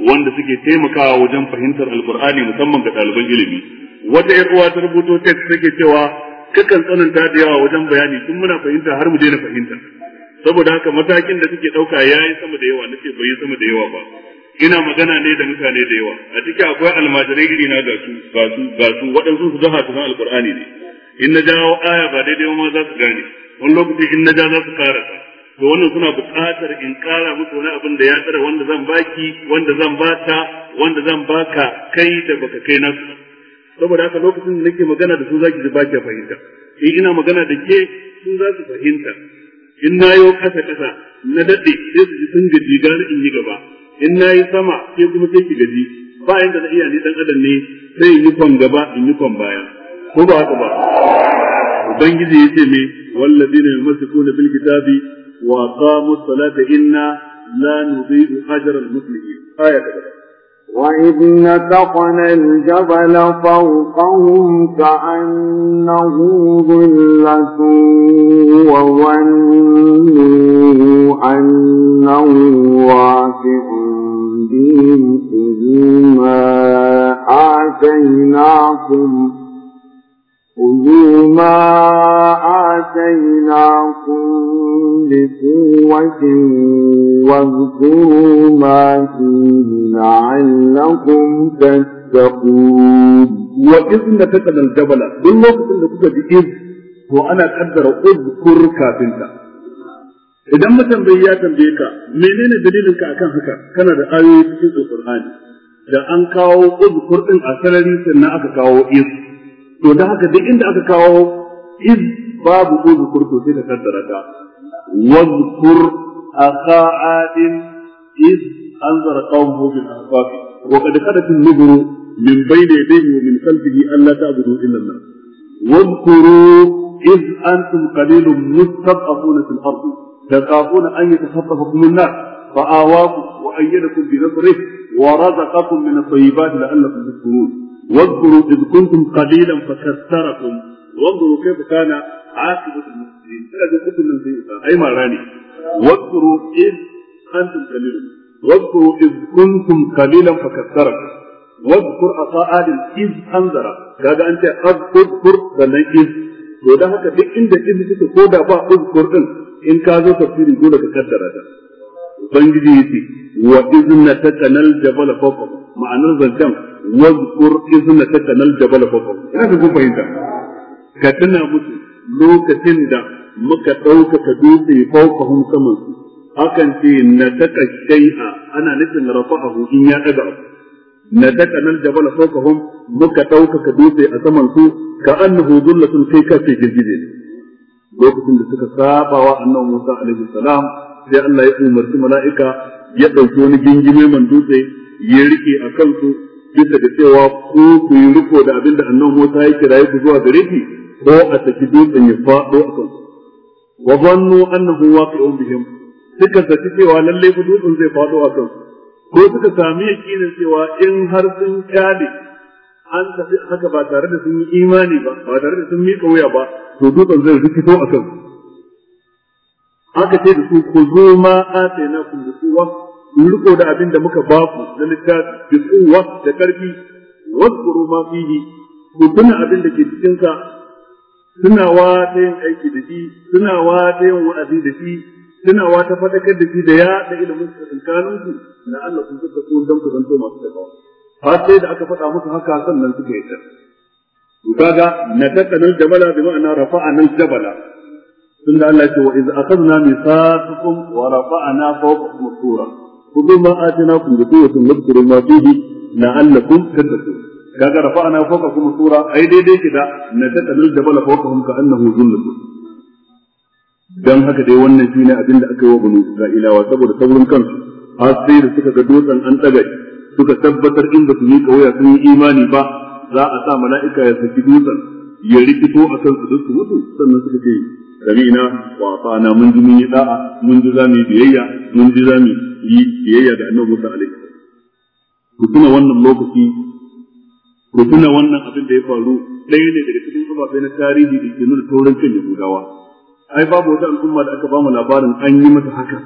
wanda suke taimakawa wajen fahimtar alkur'ani musamman ga ɗaliban ilimi wata 'yar uwa ta rubuto text take cewa kakan tsananta da yawa wajen bayani tun muna fahimta har mu daina fahimta saboda haka matakin da suke ɗauka ya yi sama da yawa nake bai yi sama da yawa ba ina magana ne da mutane da yawa a ciki akwai almajirai iri na ga su ga su ga su waɗansu su zaha su san alkur'ani ne in na jawo aya ba daidai ma za su gane wani lokaci in na ja za su ta to wannan suna buƙatar in ƙara musu wani abin da ya tsara wanda zan baki wanda zan bata wanda zan baka kai da baka kai na saboda haka lokacin da nake magana da su zaki ji baki fahimta in ina magana da ke sun za su fahimta in na wa kasa kasa na daɗe sai su ji sun gaji gani in yi gaba in na yi sama ke kuma sai ki gaji ba yadda na iya ni dan adam ne sai yi kwan gaba in yi kwan baya ko ba haka ba ubangiji ya ce me wallazina yumsikuna bil kitabi wa qamu salata inna la nudhi'u ajra al muslimin aya kaza وإذ نتقنا الجبل فوقهم كأنه ظلة وظنوا أنه واقع بهم خذوا ما آتيناكم خذوا ما آتيناكم بقوة واذكروا ما فيه لعلكم تتقون وإذ نتقل الجبل بالوقت ana كنت بإذ وأنا أقدر أذكر كافنتا idan matambayi ya tambaye menene dalilinka a kan haka kana da ayoyi cikin da an kawo uzkur kurɗin a sarari sannan aka kawo iz to da haka duk inda aka kawo iz babu ko zukur to sai ka kaddara ka wazkur akha adin iz anzara qawmuhu bil ahqaf wa qad qadat an min bayni yadayhi wa min khalfihi alla ta'budu illa Allah واذكروا إذ أنتم قليل مستضعفون في الأرض تخافون أن يتخطفكم الناس فآواكم وأيدكم بنصره ورزقكم من الطيبات لعلكم تشكرون واذكروا إذ كنتم قليلا فكثركم وانظروا كيف كان عاقبة المسلمين إذا كنتم من زيئة أي مراني واذكروا إذ أنتم قليلا واذكروا إذ كنتم قليلا فكثركم واذكر أخا آدم إذ أنذر كذا أنت أذكر بل إذ to dan haka duk inda kin suka ko da ba uzkur din in ka zo tafsiri dole ka kaddara ta ubangiji yace wa izna tatanal jabal fawqa ma'anar zancan wazkur izna takanal jabal fawqa ina ga kun fahimta ka tana musu lokacin da muka dauka ka dutse fauka hun saman akan ce na taka a ana nufin rafa'ahu in ya daga na daka nan jabal fauka hun muka dauka ka dutse a saman su ka annahu dullatun kai ka ce girgije lokacin da suka saba wa annabi Musa alaihi salam sai Allah ya umarci mala'ika ya dauki wani gingime man dutse ya rike a kansu bisa da cewa ko ku yi riko da abin da annabi Musa ya kira ku zuwa gare shi ko a saki dutsen ya faɗo a kanku wa zannu annahu waqi'un bihim suka saki cewa lalle ku dutsen zai faɗo a kanku ko suka sami yakinin cewa in har sun kyale an tafi haka ba tare da sun yi imani ba ba tare da sun miƙa wuya ba to dutsen zai rikito a kanku aka ce da su ku zo ma atayna kun bi riko da abin da muka ba ku da littafi bi kuwa da karfi wasu ma fihi ku tuna abin da ke cikin suna wa ta yin aiki da shi wa ta yin wa'azi da shi wa ta fadakar da shi da ya da ilimin tsakankanin ku na Allah ku suka ku dan ku zanto masu takawa Ba sai da aka faɗa musu haka sannan suka yi ta to kaga na takanul jabala bi ma'ana nan jabala tunda Allah ce wa iz akhadna mithaqakum wa rafa'na fawqakum tura kuma ma a tana kun da kowace nufkirin ma fi na Allah kun kanta ku kaga rafa kuma tura ai daidai ki na ta kanil da bala foka ka annahu zunnu dan haka dai wannan shine abin da aka yi wa ga ilawa saboda saurin kansu har sai da suka ga dutsen an daga suka tabbatar in ba su yi kawai sun yi imani ba za a sa mala'ika ya saki dutsen ya rikito a kan su duk mutu sannan suka ce na, wa na mun ji mun yi da'a mun ji za mu yi biyayya mun ji za mu yi biyayya da annabi Musa alaihi ku tuna wannan lokaci ku tuna wannan abin da ya faru ɗaya ne daga cikin ababai na tarihi da ke nuna taurin kan Yahudawa ai babu wata al'umma da aka ba mu labarin an yi mata haka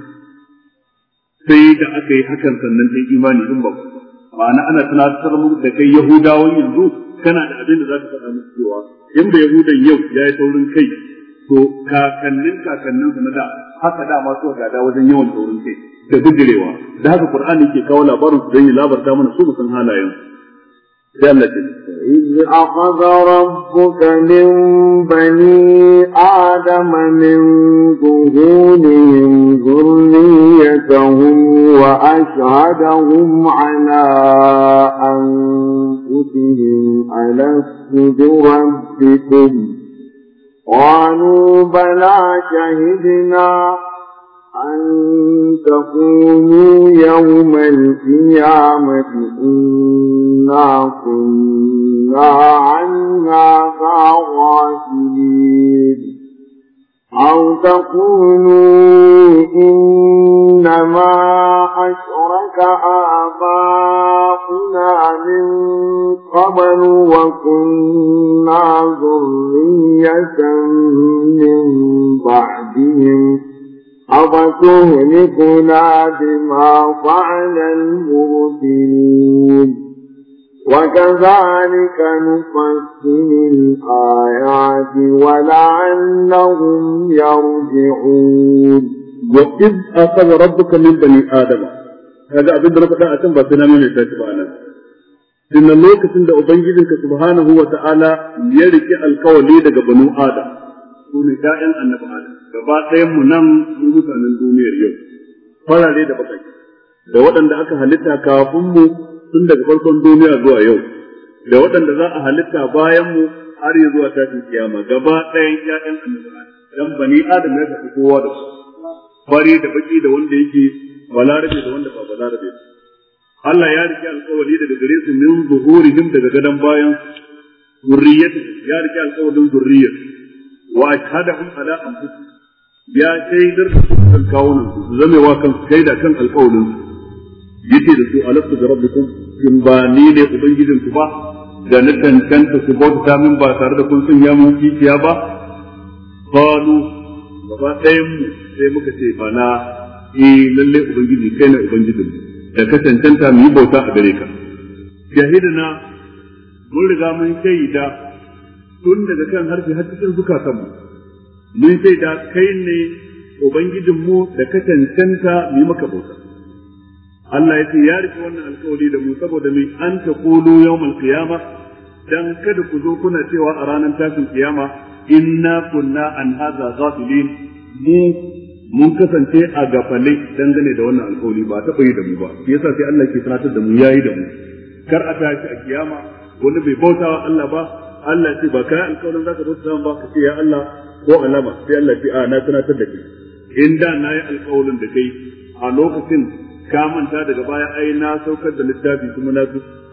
sai da aka yi hakan sannan ta imani din ba ma'ana ana tunatar da kai Yahudawan yanzu kana da abin da za ka faɗa musu cewa in da yahudan yau ya yi taurin kai to kakannin kakannin su na da haka da dama suka gada wajen yawan taurin kai da bijirewa da haka qur'ani ke kawo labarin su don ya labarta mana su musan halayen sai Allah ce إذ أخذ ربك من بني آدم من ظهورهم ذريتهم وأشهدهم على أنفسهم ألست بربكم ربكم قالوا بلى شهدنا أن تقولوا يوم القيامة إنا كنا عن هذا غافلين أو تقولوا إنما أشرك آباؤنا من قبل وكنا ذرية من بعدهم أفتهلكنا بما فعل المبطلون وكذلك نفصل الآيات ولعلهم يرجعون وإذ أخذ ربك من بني آدم هذا أبن ربك أتم بسنا من التاتبانا إن لوكة عند أبنجدك سبحانه وتعالى يرك القولي دك بنو آدم سوني كائن أنب آدم gabaɗayan mu nan mu mutanen duniyar yau farare da bakai da waɗanda aka halitta kafin mu tun daga farkon duniya zuwa yau da waɗanda za a halitta bayan mu har yi zuwa tashin kiyama gaba ɗayan ƴaƴan annabi dan bani adam ya tafi kowa da su Bari da baki da wanda yake balarabe da wanda ba balarabe Allah ya rike alƙawari daga gare su min zuhurihim daga gadon bayan zurriyatu ya rike alƙawarin zurriyatu wa ashhadahum ala anfusihim ya kai shaidar kan kawunan su zamewa kan da kan alƙawarin su yake da su alastu rabbi rabbikum in ba ni ne ubangijin ku ba da na cancanta su bauta min ba tare da kun ya mun kiciya ba qalu gaba ɗayan mu sai muka ce ba na, e lalle ubangiji kai ne ubangijin da ka cancanta mu yi bauta a gare ka shahidana mun riga mun shaida tun daga kan harfi har cikin zukatanmu mun shaida kai ne mu da ka cancanta mu yi maka bauta Allah ya ce ya rike wannan alkawari da mu saboda mai an ta kulu yawmal kiyama, dan kada ku zo kuna cewa a ranar tashin kiyama inna kunna an hadha zafilin mu mun kasance a gafale dangane da wannan alkawari ba ta yi da mu ba yasa sai Allah ke tunatar da mu yayi da mu kar a tashi a kiyama wani bai bautawa Allah ba Allah ce ba kai alkawarin zaka bauta ba ka ce ya Allah ko alama sai Allah ce a na tunatar da kai in da na yi alkawarin da kai a lokacin ka manta daga baya ai na saukar da littafi kuma na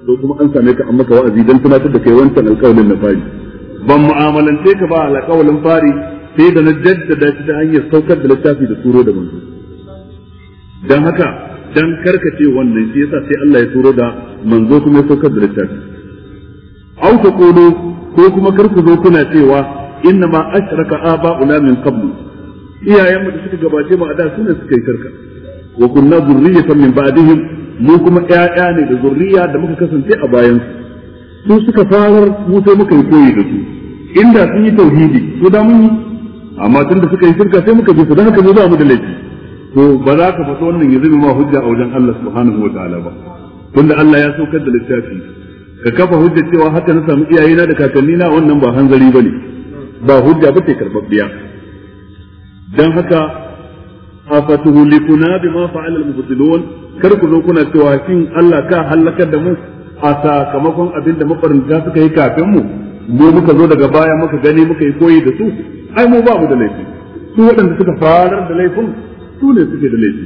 zo kuma an same ka an maka wa'azi dan tunatar da kai wancan alƙawalin na fari ban mu'amalance ka ba alƙawalin fari sai da na jaddada shi ta hanyar saukar da littafi da turo da manzo dan haka dan karkace wannan shi yasa sai Allah ya turo da manzo kuma ya saukar da littafi au ta kodo ko kuma kar ku zo kuna cewa inna ma ashraka aba'una min qablu iyayenmu da suka gabace mu a da sunan suka yi karka wa kunna zurriyatan min ba'dihim mu kuma ƴaƴa ne da zurriya da muka kasance a bayan su su suka farar mu sai muka yi koyi da su inda sun yi tauhidi to da mun amma tun da suka yi shirka sai muka bi su don haka mu za mu da laifi to ba za ka faɗi wannan ya zama hujja a wajen Allah subhanahu wa ta'ala ba tunda Allah ya saukar da littafi ka kafa hujja cewa haka na samu iyayena da kakannina wannan ba hanzari bane ba hujja ba ce karbabbiya dan haka afatuhlikuna bima fa'ala al-mubtilun kar ku zo kuna cewa kin Allah ka halakar da mu a sakamakon abin da mafarinta suka yi kafin mu mu muka zo daga baya muka gani muka yi koyi da su ai mu ba mu da laifi su waɗanda suka farar da laifin su ne suke da laifi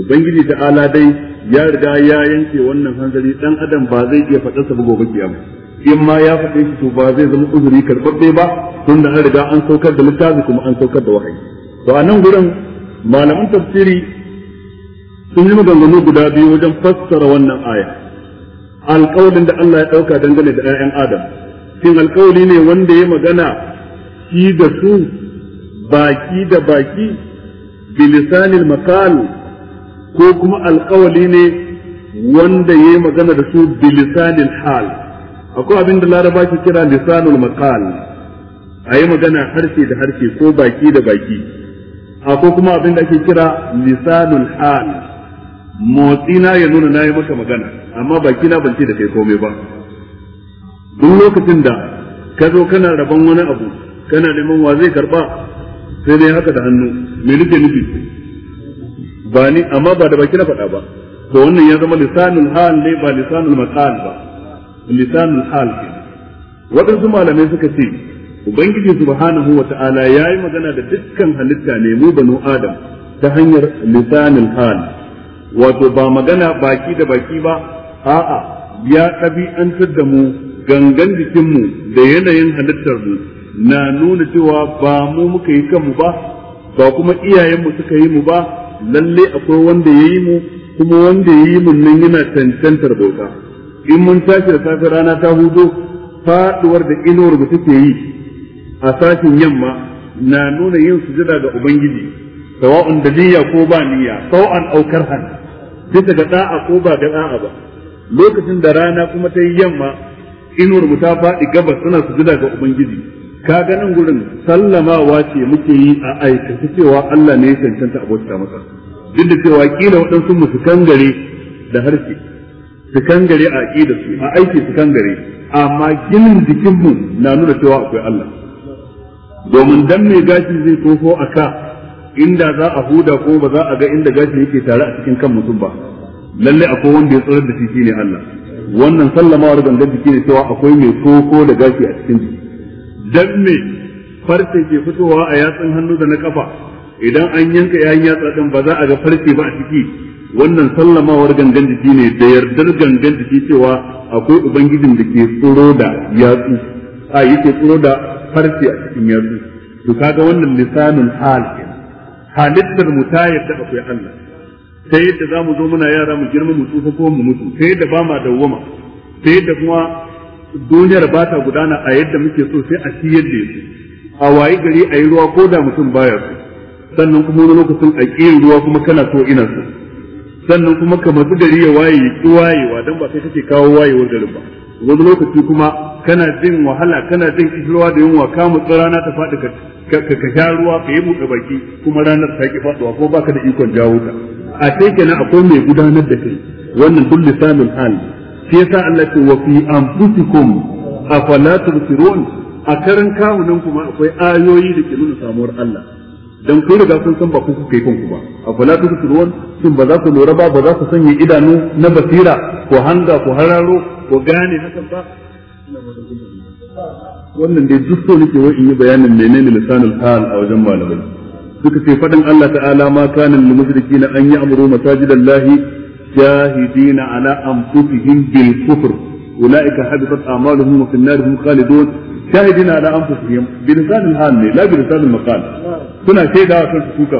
ubangiji ta ala dai ya riga ya yanke wannan hanzari dan adam ba zai iya sa bugo gobe ba in ma ya faɗe shi to ba zai zama uzuri karɓaɓɓe ba tunda an riga an saukar da littafi kuma an saukar da wahayi to a nan gurin Malamin tafsiri sun yi maganganu guda biyu wajen fassara wannan aya alƙawalin da Allah ya ɗauka dangane da 'ya'yan Adam shin alƙawali ne wanda ya magana shi da su baki da baki bilisanil makal ko kuma alƙawali ne wanda ya magana da su bilisanil hal akwai abin da laraba ke kira lisanul makal a yi magana harshe da harshe ko baki da baki ko kuma abin da ake kira lisanul hal motsi na ya nuna na yi maka magana amma baki na ban ce da kai komai ba duk lokacin da ka zo kana rabon wani abu kana neman wa zai karba sai dai haka da hannu me nake nufi ba ni amma ba da baki na faɗa ba to wannan ya zama lisanul hal ne ba lisanul makal ba lisanul hal waɗansu malamai suka ce ubangiji subhanahu wa wata'ala yayi magana da dukkan halitta ne mu banu adam ta hanyar lisanil hal wato ba magana baki da baki ba a'a ya ɗabi'antar da mu gangan jikinmu da yanayin halittar mu na nuna cewa ba mu muka yi kanmu ba ba kuma iyayenmu suka yi mu ba lalle akwai wanda ya yi mu kuma wanda ya yi mun nan yana cancantar bauta in mun tashi da safe rana ta hudu faduwar da inuwar mu take yi a sashin yamma na nuna yin sujada ga ubangiji sawa'un da niyya ko ba niyya sawa'an aukar han duka ga da'a ko ba ga da'a ba lokacin da rana kuma ta yi yamma inuwar mu ta faɗi gabas suna sujada ga ubangiji ka ganin gurin sallamawa ce muke yi a aikata cewa Allah ne ya cancanta abota masa duk da cewa kila waɗansu mu su kangare da harshe su kangare a aƙidar su a aiki su kangare amma ginin jikinmu na nuna cewa akwai Allah domin dan mai gashi zai toho a ka inda za a huda ko ba za a ga inda gashi yake tare a cikin kan mutum ba lalle akwai wanda ya tsorar da shi shine Allah wannan sallamawar gangan jiki ne cewa akwai mai toho da gashi a cikin jiki dan me farce ke fitowa a yatsun hannu da na kafa idan an yanka yayin yatsa din ba za a ga farce ba a ciki wannan sallamawar gangan jiki ne da yardar gangan jiki cewa akwai ubangijin da ke tsoro da yatsu a yake tsoro da farce a cikin yanzu to kaga wannan lisanin hal halittar mu ta yadda akwai Allah sai yadda za mu zo muna yara mu girma mu tsufa ko mu mutu sai yadda ba ma dawwama sai yadda kuma duniyar ba ta gudana a yadda muke so sai a ci yadda yake a wayi gari a yi ruwa ko da mutum baya so sannan kuma wani lokacin a ƙi ruwa kuma kana so ina so sannan kuma ka matsu gari ya waye ya ƙi wayewa don ba ta kake kawo wayewar garin ba wani lokaci kuma kana jin wahala kana jin kishirwa da yunwa ka rana ta faɗi ka ka sha ruwa ka yi buɗe baki kuma ranar ta ki faɗuwa ko baka da ikon jawo ta a sai kenan akwai mai gudanar da kai wannan duk lisanin hal sai yasa Allah ce wa fi anfusikum afala tubsirun a karan kawunan kuma akwai ayoyi da ke nuna samuwar Allah dan kai riga kun san ba ku kuka yi kanku ba su ruwan sun ba za ku lura ba ba za ku sanya idanu na basira ko hanga ko hararo ko gane hakan ba wannan dai duk so nake wai in yi bayanin menene lisanul hal a wajen malamai Duka ce fadin Allah ta'ala ma kana lil mushrikin an ya'muru masajidallahi shahidina ala anfusihim bil kufr أولئك حبطت أعمالهم وفي النار هم خالدون شاهدين على أنفسهم بلسان الحال لا بلسان المقال كنا شيء دا كان سوكا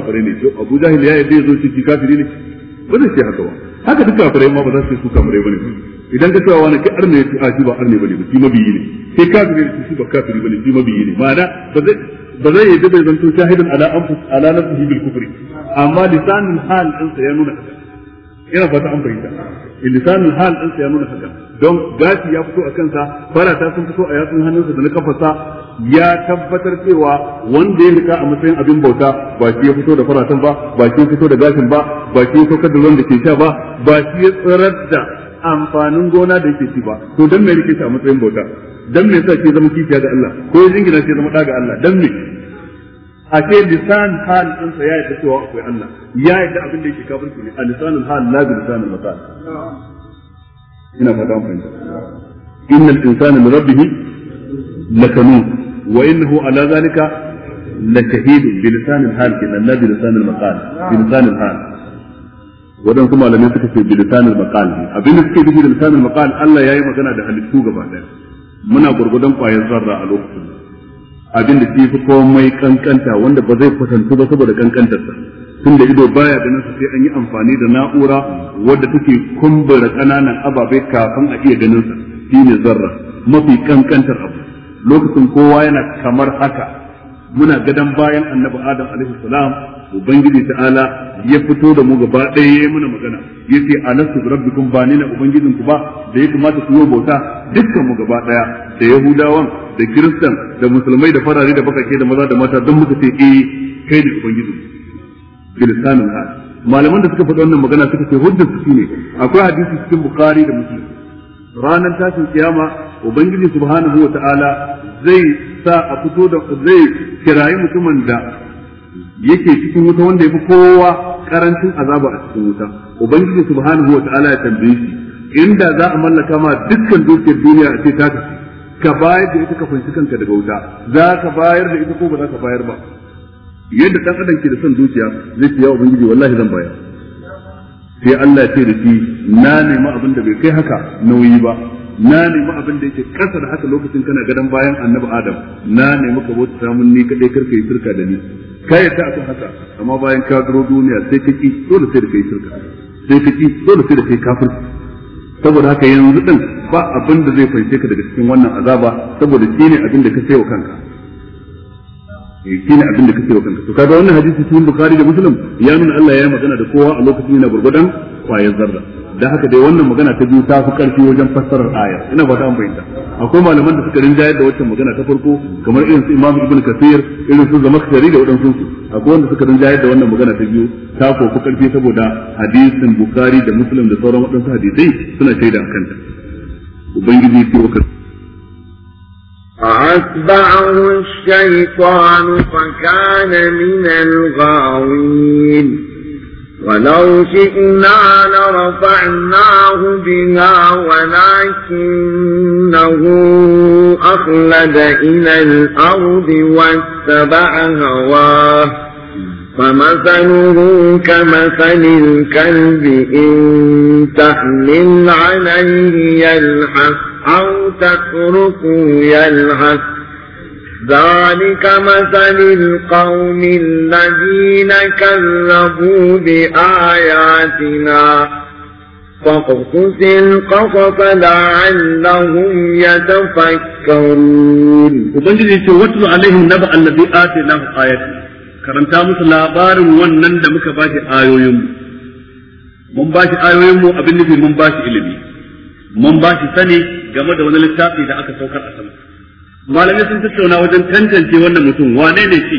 أبو جهل يا يدي زوج تي كافرين بدل شيء هكذا haka duk kafirai ma ba za su suka mure bane idan ka cewa wani arne a shi ba arne bane shi mabiyi ne sai kafiri ne shi ba kafiri bane shi mabiyi ne ma'ana ba zai ba zai yi bai zanto shahidan ala anfus ala ina fata an fahimta lisanul hal din sa ya nuna haka don gashi ya fito a kansa farata sun fito a yatsun hannunsa da na kafarsa ya tabbatar cewa wanda ya rika a matsayin abin bauta ba shi ya fito da faratan ba ba shi ya fito da gashin ba ba shi ya saukar da ruwan da ke sha ba ba shi ya tsirar da amfanin gona da yake ci ba to dan me rike a matsayin bauta dan me yasa ke zama kishiya ga Allah ko ya jingina ke zama da ga Allah dan me a ce lisan hal din sa ya yadda cewa akwai Allah ya yadda abin da yake kafirci ne a lisanin hal la bi lisanul maqal ina fata mun fahimta innal insana li rabbih lakanun wa innahu ala zalika لشهيد بلسان الحال كنا لا بلسان المقال بلسان hal. wadan kuma malamai suka ce bilisanul maqal abin da suke bi bilisanul maqal Allah yayi magana da halittu gaba daya muna gurgudan kwayar zarra a lokacin abin da fi komai kankanta wanda ba zai kwatantu ba saboda tun da ido baya da nasu sai an yi amfani da na'ura wadda take kumbura ƙananan ababai kafin a iya ganin sa shine zarra mafi kankantar abu lokacin kowa yana kamar haka muna gadan bayan annabi adam alaihi salam ubangiji ta'ala ya fito da mu gaba ɗaya Ya muna magana yace alastu rabbikum ba nina na ku ba da ya kamata ku yi bauta dukkan mu gaba ɗaya da yahudawan da kiristan da musulmai da farare da bakake da maza da mata don muka ce eh kai ne ubangijin bilisanin hal malaman da suka faɗa wannan magana suka ce hujjar su ne akwai hadisi cikin bukhari da muslim ranar tashin kiyama ubangiji subhanahu wa ta'ala zai sa a fito da zai kirayi mutumin da yake cikin wuta wanda ya fi kowa karancin azaba a cikin wuta ubangiji subhanahu wa ta'ala ya tambaye shi inda za a mallaka ma dukkan dukiyar duniya a ce ta tafi ka bayar da ita ka fanci kanka daga wuta za ka bayar da ita ko ba za ka bayar ba yadda dan adam ke da son dukiya zai ce ya ubangiji wallahi zan bayar sai Allah ya ce da shi na nemi abin da bai kai haka nauyi ba na nemi abin da yake kasa da haka lokacin kana gadon bayan annabi adam na nemi ka bauta samun ni kadai karka yi turka da ni ka ta akan haka amma bayan ka garo duniya sai ka ki dole sai da kai turka sai ka ki dole sai da kai kafir saboda haka yanzu din ba abin da zai fahimce ka daga cikin wannan azaba saboda shi ne abin da ka sayo kanka eh, shi ne abin da ka sayo kanka to kaga wannan hadisi cikin bukhari da muslim ya nuna Allah ya yi magana da kowa a lokacin yana gurgudan kwayar zarra da haka dai wannan magana ta biyu ta fi karfi wajen fassarar ayar ina ba ta bayyana akwai malaman da suka rinjaye da wannan magana ta farko kamar irin su Imam Ibn Kathir irin su Zamakhshari da wadansu su akwai wanda suka rinjaye da wannan magana ta biyu ta ko fi karfi saboda hadisin Bukhari da Muslim da sauran wadansu hadisai suna shaida kanta ubangiji ya tsoka فأتبعه الشيطان فكان من الغاوين ولو شئنا لرفعناه بها ولكنه أخلد إلى الأرض واتبع هواه فمثله كمثل الكلب إن تحمل عليه يلحف أو تتركه يلحف ذلك مثل القوم الذين كذبوا بآياتنا فاقصص القصص لعلهم يتفكرون وبنجد يتوتل عليهم نبأ الذي آتيناه آياتنا karanta musu labarin wannan da muka ba shi mun ba shi ayoyinmu abin nufi mun ba ilimi mun ba sani game da wani littafi da aka saukar a sama malamai sun tattauna wajen tantance wannan mutum wane ne shi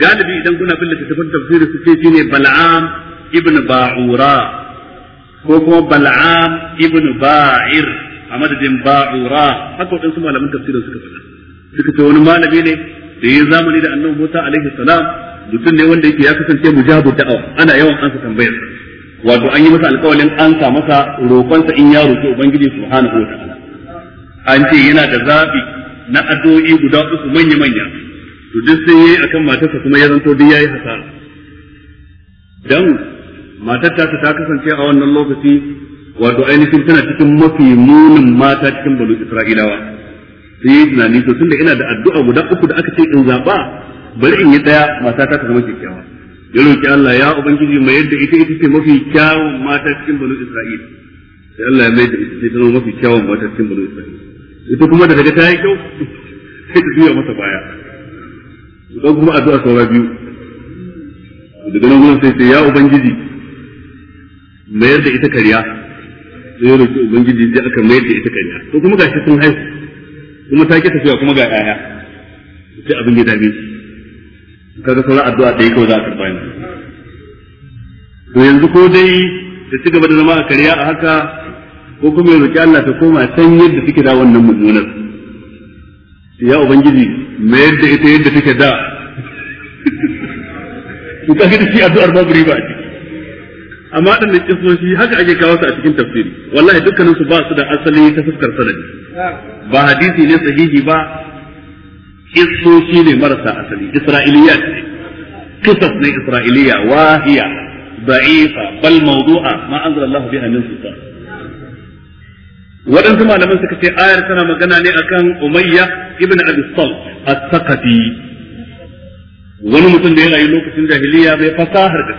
galibi idan kuna bin littattafan tafsiri su ce shine bal'am ibn ba'ura ko kuma bal'am ibn ba'ir a madadin ba'ura haka waɗansu malamin tafsirin suka faɗa suka ce wani malami ne da ya zamani da annabi Musa alaihi salam mutum ne wanda yake ya kasance mujabu da'awa ana yawan ansa tambayar wato an yi masa alƙawalin an sa masa roƙonsa in ya roƙi ubangiji subhanahu wa ta'ala an ce yana da zabi na addu'o'i guda uku manya manya to duk sai yayi akan matarsa kuma ya zanto duk yayi hasara dan matar ta ta kasance a wannan lokaci wato ainihin tana cikin mafi munin mata cikin bulu Isra'ilawa sai yi tunani to tunda ina da addu'a guda uku da aka ce in zaba bari in yi daya mata ta zama kyakkyawa ya roki Allah ya ubangiji mai yadda ita ita ce mafi kyawun mata cikin bulu Isra'ila sai Allah ya mai da ita ce mafi kyawun mata cikin bulu Isra'ila ita kuma da daga ta yi kyau sai ta juya masa baya don kuma addu'a saura biyu daga nan gudun sai sai ya ubangiji mayar da ita kariya sai ce ubangiji da aka mayar da ita kariya to kuma gashi sun haihu kuma ta ki tafiya kuma ga yaya sai abin ya dame shi kaga sauran addu'a ɗaya kawai za a karɓa ni to yanzu ko dai ta ci gaba da zama a kariya a haka ko kuma yanzu, roki Allah ta koma san yadda take da wannan mummunar ya ubangiji me yadda ita yadda take da to kaga da shi addu'ar babu riba a ciki amma dan da kisoshi haka ake kawo su a cikin tafsiri wallahi dukkanin su ba su da asali ta fuskar sanadi ba hadisi ne sahihi ba kisoshi ne marasa asali Isra'iliya ce. qisas ne isra'iliya wahiya ضعيفة بل موضوعة ما أنزل الله بها من سلطان waɗansu malaman suka ce ayar tana magana ne akan umayya ibn abi sal as-saqafi wani mutum da ya rayu lokacin jahiliya bai fasahar da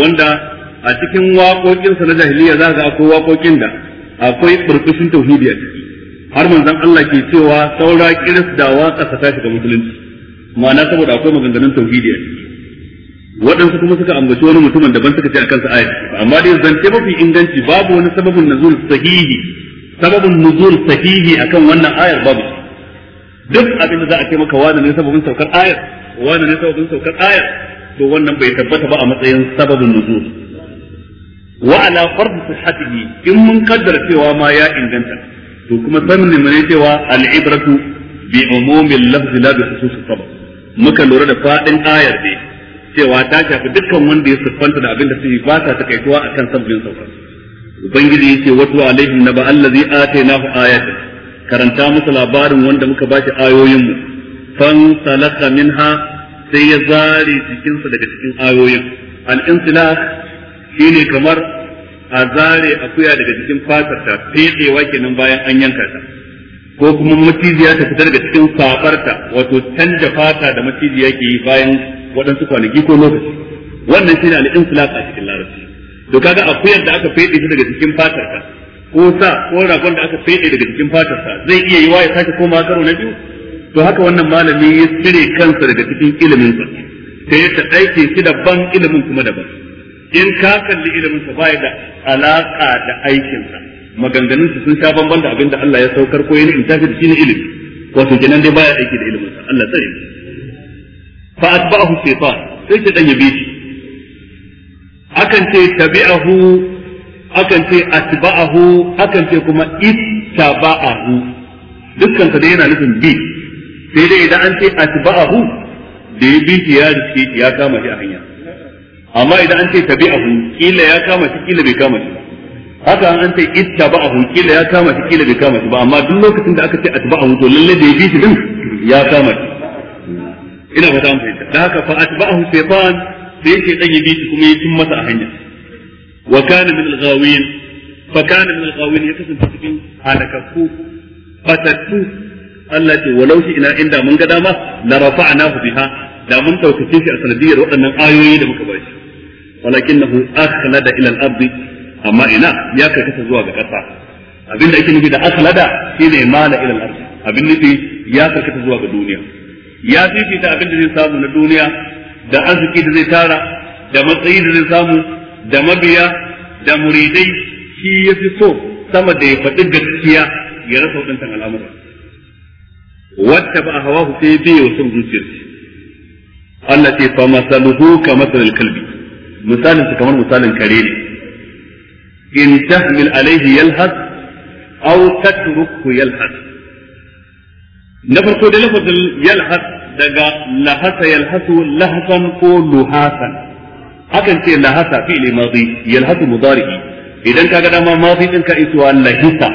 wanda a cikin waƙoƙinsa na jahiliya za ga akwai waƙoƙin da akwai burbushin tauhidi a ciki har manzon Allah ke cewa saura kiris da waƙa ta ga musulunci ma'ana saboda akwai maganganun tauhidi a ciki waɗansu kuma suka ambaci wani mutumin daban suka ce a sa ayat amma dai zance mafi inganci babu wani sababin nuzul sahihi sababin nuzul sahihi akan wannan ayar babu duk abin da za a ce maka wani ne sababin saukar ayar wani ne sababin saukar ayar to wannan bai tabbata ba a matsayin sababin nuzul wa ala farz sihhatihi in mun kaddara cewa ma ya inganta to kuma sanin ne mun cewa al-ibratu bi umumil lafzi la bi khususis sabab muka lura da fadin ayar ne cewa ta shafi dukkan wanda ya siffanta da abin da su yi ba ta takaituwa a kan sabbin saukar ubangiji yake wato alaihim naba allazi atainahu ayatin karanta musu labarin wanda muka bashi ayoyin mu fan salaka minha sai ya zare cikin daga cikin ayoyin al insilah shine kamar a zare akuya daga cikin fatar ta fedewa kenan bayan an yanka ta ko kuma maciziya ta fitar daga cikin sabarta wato canja fata da maciji ke yi bayan waɗansu kwanaki ko lokaci wannan shine al-insilaq a cikin larabci to kaga akuyar da aka fede shi daga cikin fatar ka ko sa ko ragon da aka fede daga cikin fatar sa zai iya yi ya sake koma karo na biyu to haka wannan malami ya cire kansa daga cikin ilimin sa ta yadda aiki shi daban ilimin kuma daban in ka kalli ilimin sa bai da alaka da aikin sa maganganun su sun sha da abin Allah ya saukar ko yana in tafi da shi ne ilimi wato kenan dai baya aiki da ilimin sa Allah tsare shi fa a shaytan sai shaytan ya bi shi akan ce tabi'ahu akan ce atba'ahu akan ce kuma ittaba'ahu dukkan sa dai yana nufin bi sai dai idan an ce atba'ahu da ya bi ya riske ya kama shi a hanya amma idan an ce tabi'ahu ya kama shi bai kama shi ba haka an ya kama shi kila bai kama shi ba amma duk lokacin da aka ce atba'ahu to lalle da ya bi shi din ya kama shi ina fata mun fahimta da haka fa atba'ahu shaytan sai shaytan ya bi shi kuma ya cin masa a hanya wa kana min al-ghawin fa kana min al-ghawin ya kasance cikin halakakku fatattu Allah ce walau shi ina inda mun ga dama la rafa'nahu biha da mun daukace shi a sanadiyar waɗannan ayoyi da muka bashi walakinahu akhlada ila al-ardi amma ina ya karkata zuwa ga ƙasa abinda ake nufi da akhlada shine mala ila al-ardi abin nufi ya karkata zuwa ga duniya ya fifita abin da zai samu na duniya da arziki da zai tara da matsayi da zai samu da mabiya da muridai shi ya fi so sama da ya faɗi gaskiya ya rasa wadantan al'amura wata ba a hawa ku sai biya wa son zuciyar Allah ce fa masaluhu ka masalul kalbi misalin su kamar misalin kare ne in tahmil alaihi yalhas aw tatrukhu yalhas na farko da lafazin yalhas daga lahasa yalhasu lahasan ko luhasan hakan ce lahasa fi'li madi yalhasu mudari idan kaga dama mafi din ka isuwa lahisa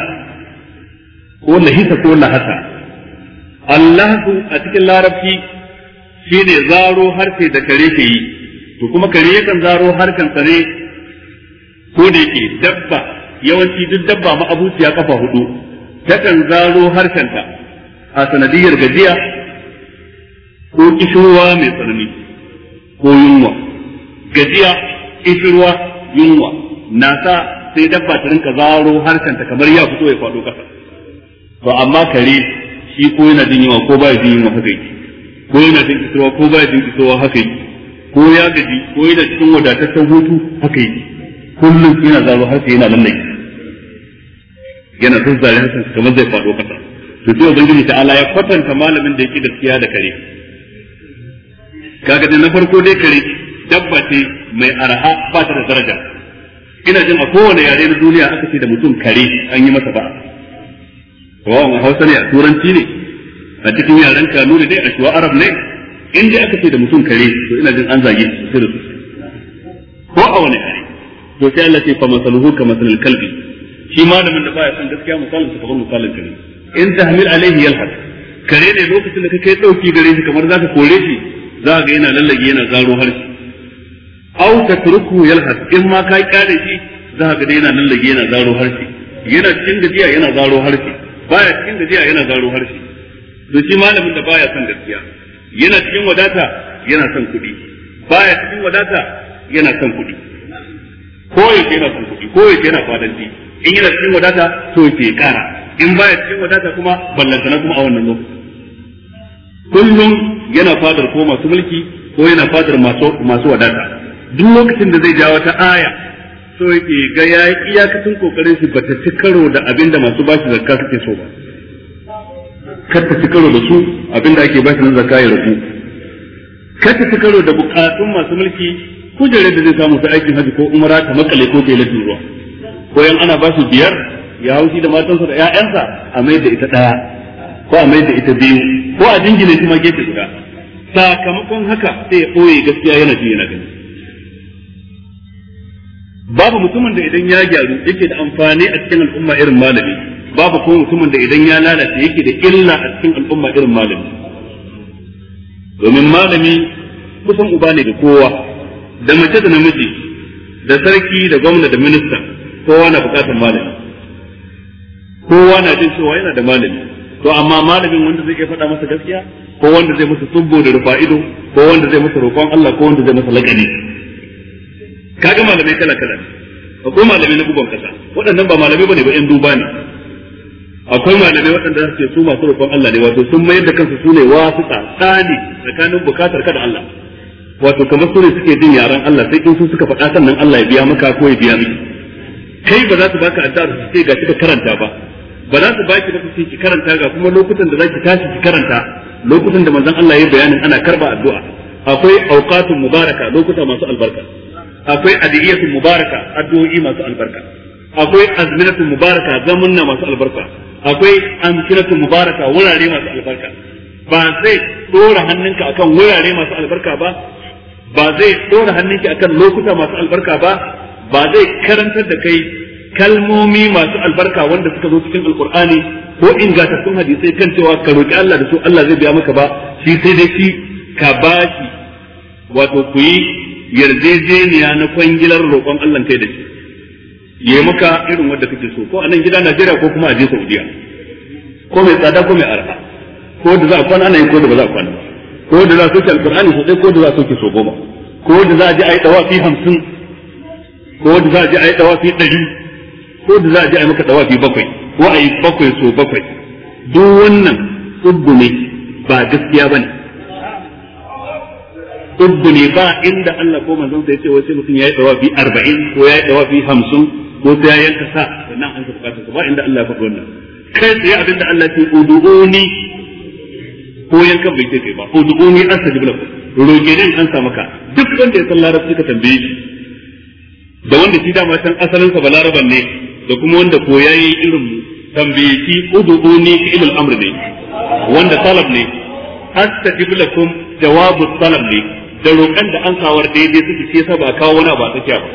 ko lahisa ko lahasa allahsu a cikin larabci shine zaro harfe da kare ke yi to kuma kare yakan zaro harkan tsare ko da yake dabba yawanci duk dabba ma abuciya kafa hudu takan zaro harkanta a sanadiyar gajiya ko kishowa mai tsanani ko yunwa gajiya kishirwa yunwa na sa sai dabba ta rinka zaro harkanta kamar ya fito ya faɗo ƙasa to amma kare shi ko yana jin yunwa ko ba jin yunwa haka yi ko yana jin kisirwa ko ba jin kisirwa haka yi ko ya gaji ko yana cikin wadataccen hutu haka yi kullum yana zaro har sai yana lallai yana zare hakan kamar zai faɗo ƙasa to sai ubangiji ta'ala ya kwatanta malamin da yake gaskiya da kare kaga dai na farko dai kare dabba ce mai araha ba ta da daraja ina jin a kowane yare na duniya aka ce da mutum kare an yi masa ba wawan hausa ne a turanci ne a cikin yaren kanu ne dai a shuwa arab ne in dai aka ce da mutum kare to ina jin an zage su da su ko a wani yare to sai Allah ce fa masaluhu ka masalul kalbi shi malamin da baya son gaskiya misalin sa kamar misalin kare in tahmil alaihi yalhas kare ne lokacin da kake dauki gare shi kamar zaka kore shi za ga yana lallage yana zaro harshe aw tatruku yalhas in ma ka kare shi za ka ga yana lallage yana zaro harshe yana cikin gajiya yana zaro harshe baya cikin gajiya yana zaro harshe to shi malamin da baya son gaskiya yana cikin wadata yana son kuɗi baya cikin wadata yana son kuɗi ko yake yana son kuɗi ko yake yana fadanci in yana cikin wadata to yake kara in baya cikin wadata kuma ballantana kuma a wannan lokaci kullum yana fadar ko masu mulki ko yana fadar masu wadata duk lokacin da zai ja wata aya so yake ga ya yi iyakacin kokarin shi bata ci karo da abin da masu bashi zakka suke so ba kar ta ci karo da su abin da ake bashi na zakka ya rabu kar ta ci karo da bukatun masu mulki kujerar da zai samu ta aikin haji ko umara ta makale ko ke lafi ruwa ko yan ana basu biyar ya haushi da matansa da ƴaƴansa a mai da ita ɗaya ko a mai da ita biyu ko a jingine shi ma gefe guda sakamakon haka sai ya ɓoye gaskiya yana ji yana gani babu mutumin da idan ya gyaru yake da amfani a cikin al'umma irin malami babu kuma mutumin da idan ya lalace yake da illa a cikin al'umma irin malami domin malami kusan uba ne da kowa da mace da namiji da sarki da gwamna da minista kowa na bukatar malami kowa na jin cewa yana da malami to amma malamin wanda zai faɗa masa gaskiya ko wanda zai masa tsubbo da rufa ido ko wanda zai masa roƙon Allah ko wanda zai masa laƙani kaga malamai kala kala akwai malamai na bugon kasa waɗannan ba malamai bane ba ƴan duba ne akwai malamai waɗanda suke su masu roƙon Allah ne wato sun mayar da kansu su ne wasu tsani tsakanin bukatar ka da Allah wato kamar su ne suke jin yaran Allah sai in su suka faɗa sannan Allah ya biya maka ko ya biya miki kai ba za su baka addu'a su ce ga shi ka karanta ba ba za su baki lokaci ki karanta ga kuma lokutan da za ki tashi ki karanta lokutan da manzon Allah ya bayanin ana karba addu'a akwai auqatun mubaraka lokuta masu albarka akwai adiyatun mubaraka addu'o'i masu albarka akwai azminatun mubaraka zamunna masu albarka akwai amkinatun mubaraka wurare masu albarka ba zai dora hannunka akan wurare masu albarka ba ba zai dora hannunki akan lokuta masu albarka ba ba zai karantar da kai kalmomi masu albarka wanda suka zo cikin alkur'ani ko ingantattun hadisai kan cewa ka roki Allah da su Allah zai biya maka ba shi sai dai shi ka bashi wato ku yi yarjejeniya na kwangilar roƙon Allah kai da shi ya maka irin wanda kake so ko a nan gida Najeriya ko kuma a je Saudiya ko mai tsada ko mai arha ko da za a kwana ana yi ko da ba za a kwana ko da za a soke alkur'ani sosai ko da za a soke so goma ko da za a je a yi dawafi hamsin ko da za a je a yi dawafi ɗari ko da za a je a yi maka tawafi bakwai ko a yi bakwai so bakwai duk wannan tsubbu ne ba gaskiya bane tsubbu ne ba inda Allah ko manzon sa yace wace mutum yayi tawafi 40 ko yayi tawafi 50 ko sai ya yanka sa sannan an ka bukata ba inda Allah ya faɗi wannan kai tsaye abinda Allah ya ce ud'uni ko yankan bai ce kai ba ud'uni astajib lakum roƙe ne an sa maka duk wanda ya san larabci ka tambaye shi da wanda shi dama can asalin sa balaraban ne da kuma wanda koya yayi irin mu tambaye ki ud'uni fi ilal amr ne wanda talab ne astajib lakum jawabu talab ne da roƙan da an kawar daidai suke ce sa ba kawo wani ba tsakiya ba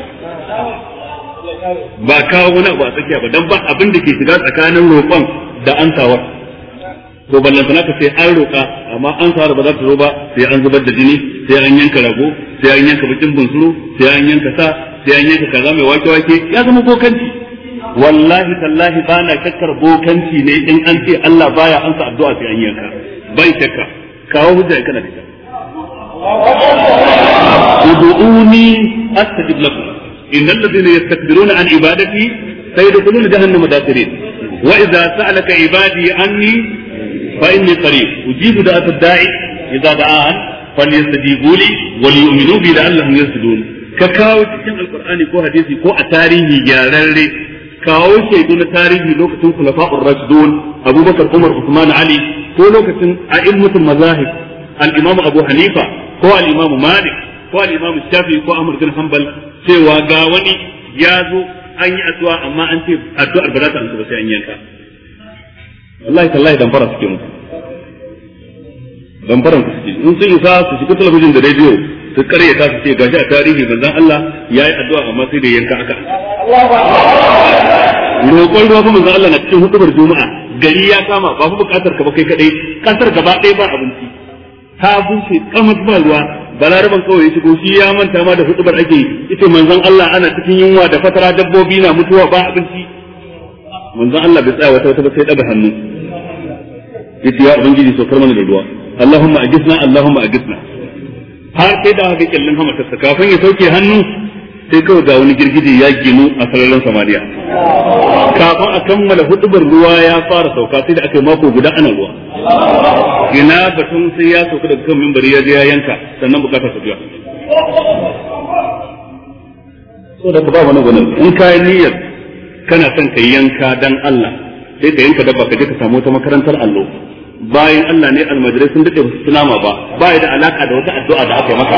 ba kawo wani ba tsakiya ba dan ba abin da ke shiga tsakanin roƙon da an kawar to ballan sana ka sai an roƙa amma an kawar ba za ta zo ba sai an zubar da jini sai an yanka rago sai an yanka bakin bunsuru sai an yanka sa sai an yanka kaza mai wake wake ya zama kokanci wallahi tallahi bana shakkar bokanci ne in an ce Allah baya ansa addu'a sai an yanka bai shakka kawo hujja kana da ud'uni astajib lakum innal ladina yastakbiruna an ibadati sayadkhuluna jahannama dakhirin wa idza sa'alaka ibadi anni fa inni qarib ujibu da'at ad-da'i idza da'an falyastajibu li wa liyu'minu bi la'allahum yahtadun ka kawo cikin alqur'ani ko hadisi ko a tarihi gyararre kawo shaidu na tarihi lokacin khulafa'ur rashidun abubakar umar usman ali ko lokacin a'immatul mazahib al-imam abu hanifa ko al-imam malik ko al-imam shafi ko ahmad bin hanbal cewa ga wani ya zo an yi addu'a amma an ce addu'ar ba za ta amsa ba sai an yanka wallahi tallahi dan fara suke mu dan fara suke in sun sa su shiga talabijin da rediyo su karya ta su ce gashi a tarihi manzon Allah ya yi addu'a amma sai da yanka aka roƙon ruwa manzon Allah na cikin hudubar juma'a gari ya kama ba mu bukatar ka ba kai kadai kasar gaba ɗaya ba abinci ta bushe kamar ba ruwa balaraban kawai ya shigo shi ya manta ma da hudubar ake ita manzon Allah ana cikin yunwa da fatara dabbobi na mutuwa ba abinci manzon Allah bai tsaya wata wata ba sai daga hannu Ita ya ubangiji saukar mana da ruwa Allahumma ajisna Allahumma ajisna har sai da haka kyallin hamatarsa kafin ya sauke hannu sai kawai ga wani girgije ya ginu a sararin samariya. kafin a kammala hudubar ruwa ya fara sauka sai da aka yi mako guda ana ruwa ina batun sai ya sauka daga kan mimbari ya ya yanka sannan bukatar su biya so da ba wani in ka yi niyyar kana son ka yanka dan Allah sai ka yanka dabba ka je ka samu wata makarantar allo bayan Allah ne almajirai sun dade su nama ba ba da alaka da wata addu'a da aka yi maka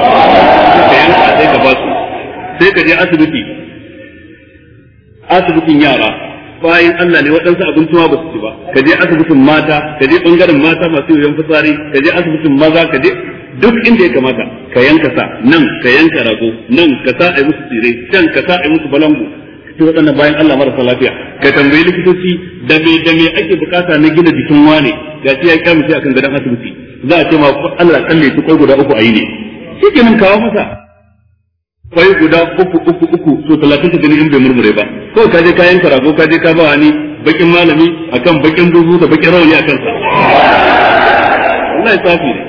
ka yanka sai ka ba su sai ka je asibiti asibitin yara bayan Allah ne waɗansu abinci tuma ba su ci ba ka je asibitin mata ka je bangaren mata masu yoyon fitsari ka je asibitin maza ka je duk inda ya kamata ka yanka sa nan ka yanka rago nan ka sa a musu tsire can ka sa a musu balangu sai waɗannan bayan Allah marasa lafiya ka tambayi likitoci da me da me ake bukata na gina jikin wane ga shi ya kama kyamce akan gadon asibiti za a ce ma Allah kalle shi su guda uku a yi ne shi kenan kawo masa kai guda uku uku uku so talatin ta gani in bai murmure ba ko ka je kayan karago ka je ka ba wani bakin malami akan bakin dubu da bakin rawani akan sa Allah ya tsafi ne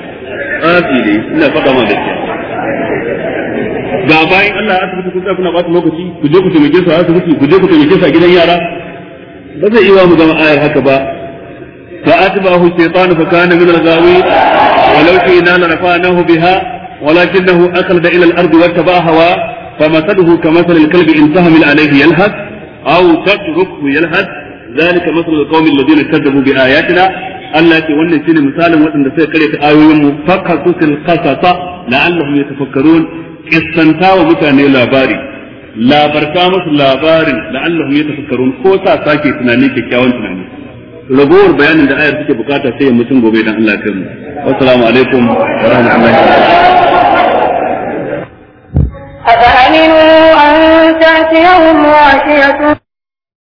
tsafi ne ina faɗa ma da shi ga bayan Allah ya asibiti kun kuna ba su lokaci ku je ku taimake su a asibiti ku je ku taimake su a gidan yara ba zai iya mu gama ayar haka ba fa atbahu shaytanu fa kana min al-ghawi walau shi'na la rafa'nahu biha walakinahu akhlada ila al-ardi wattaba hawa فمثله كمثل الكلب إن سهمل عليه يلهث أو تتركه يلهث ذلك مثل القوم الذين كذبوا بآياتنا Allah ce wannan shine misalin waɗanda suka karyata ayoyinmu fakasusil qasasa la'allahum yatafakkarun kissanta wa mutane labari labarta musu labarin la'allahum yatafakkarun ko sa sake tunani kyakkyawan tunani ragowar bayanin da ayar suke bukata sai mutum gobe dan Allah kai mu assalamu alaikum wa rahmatullahi wa barakatuh أفأمنوا أن تأتيهم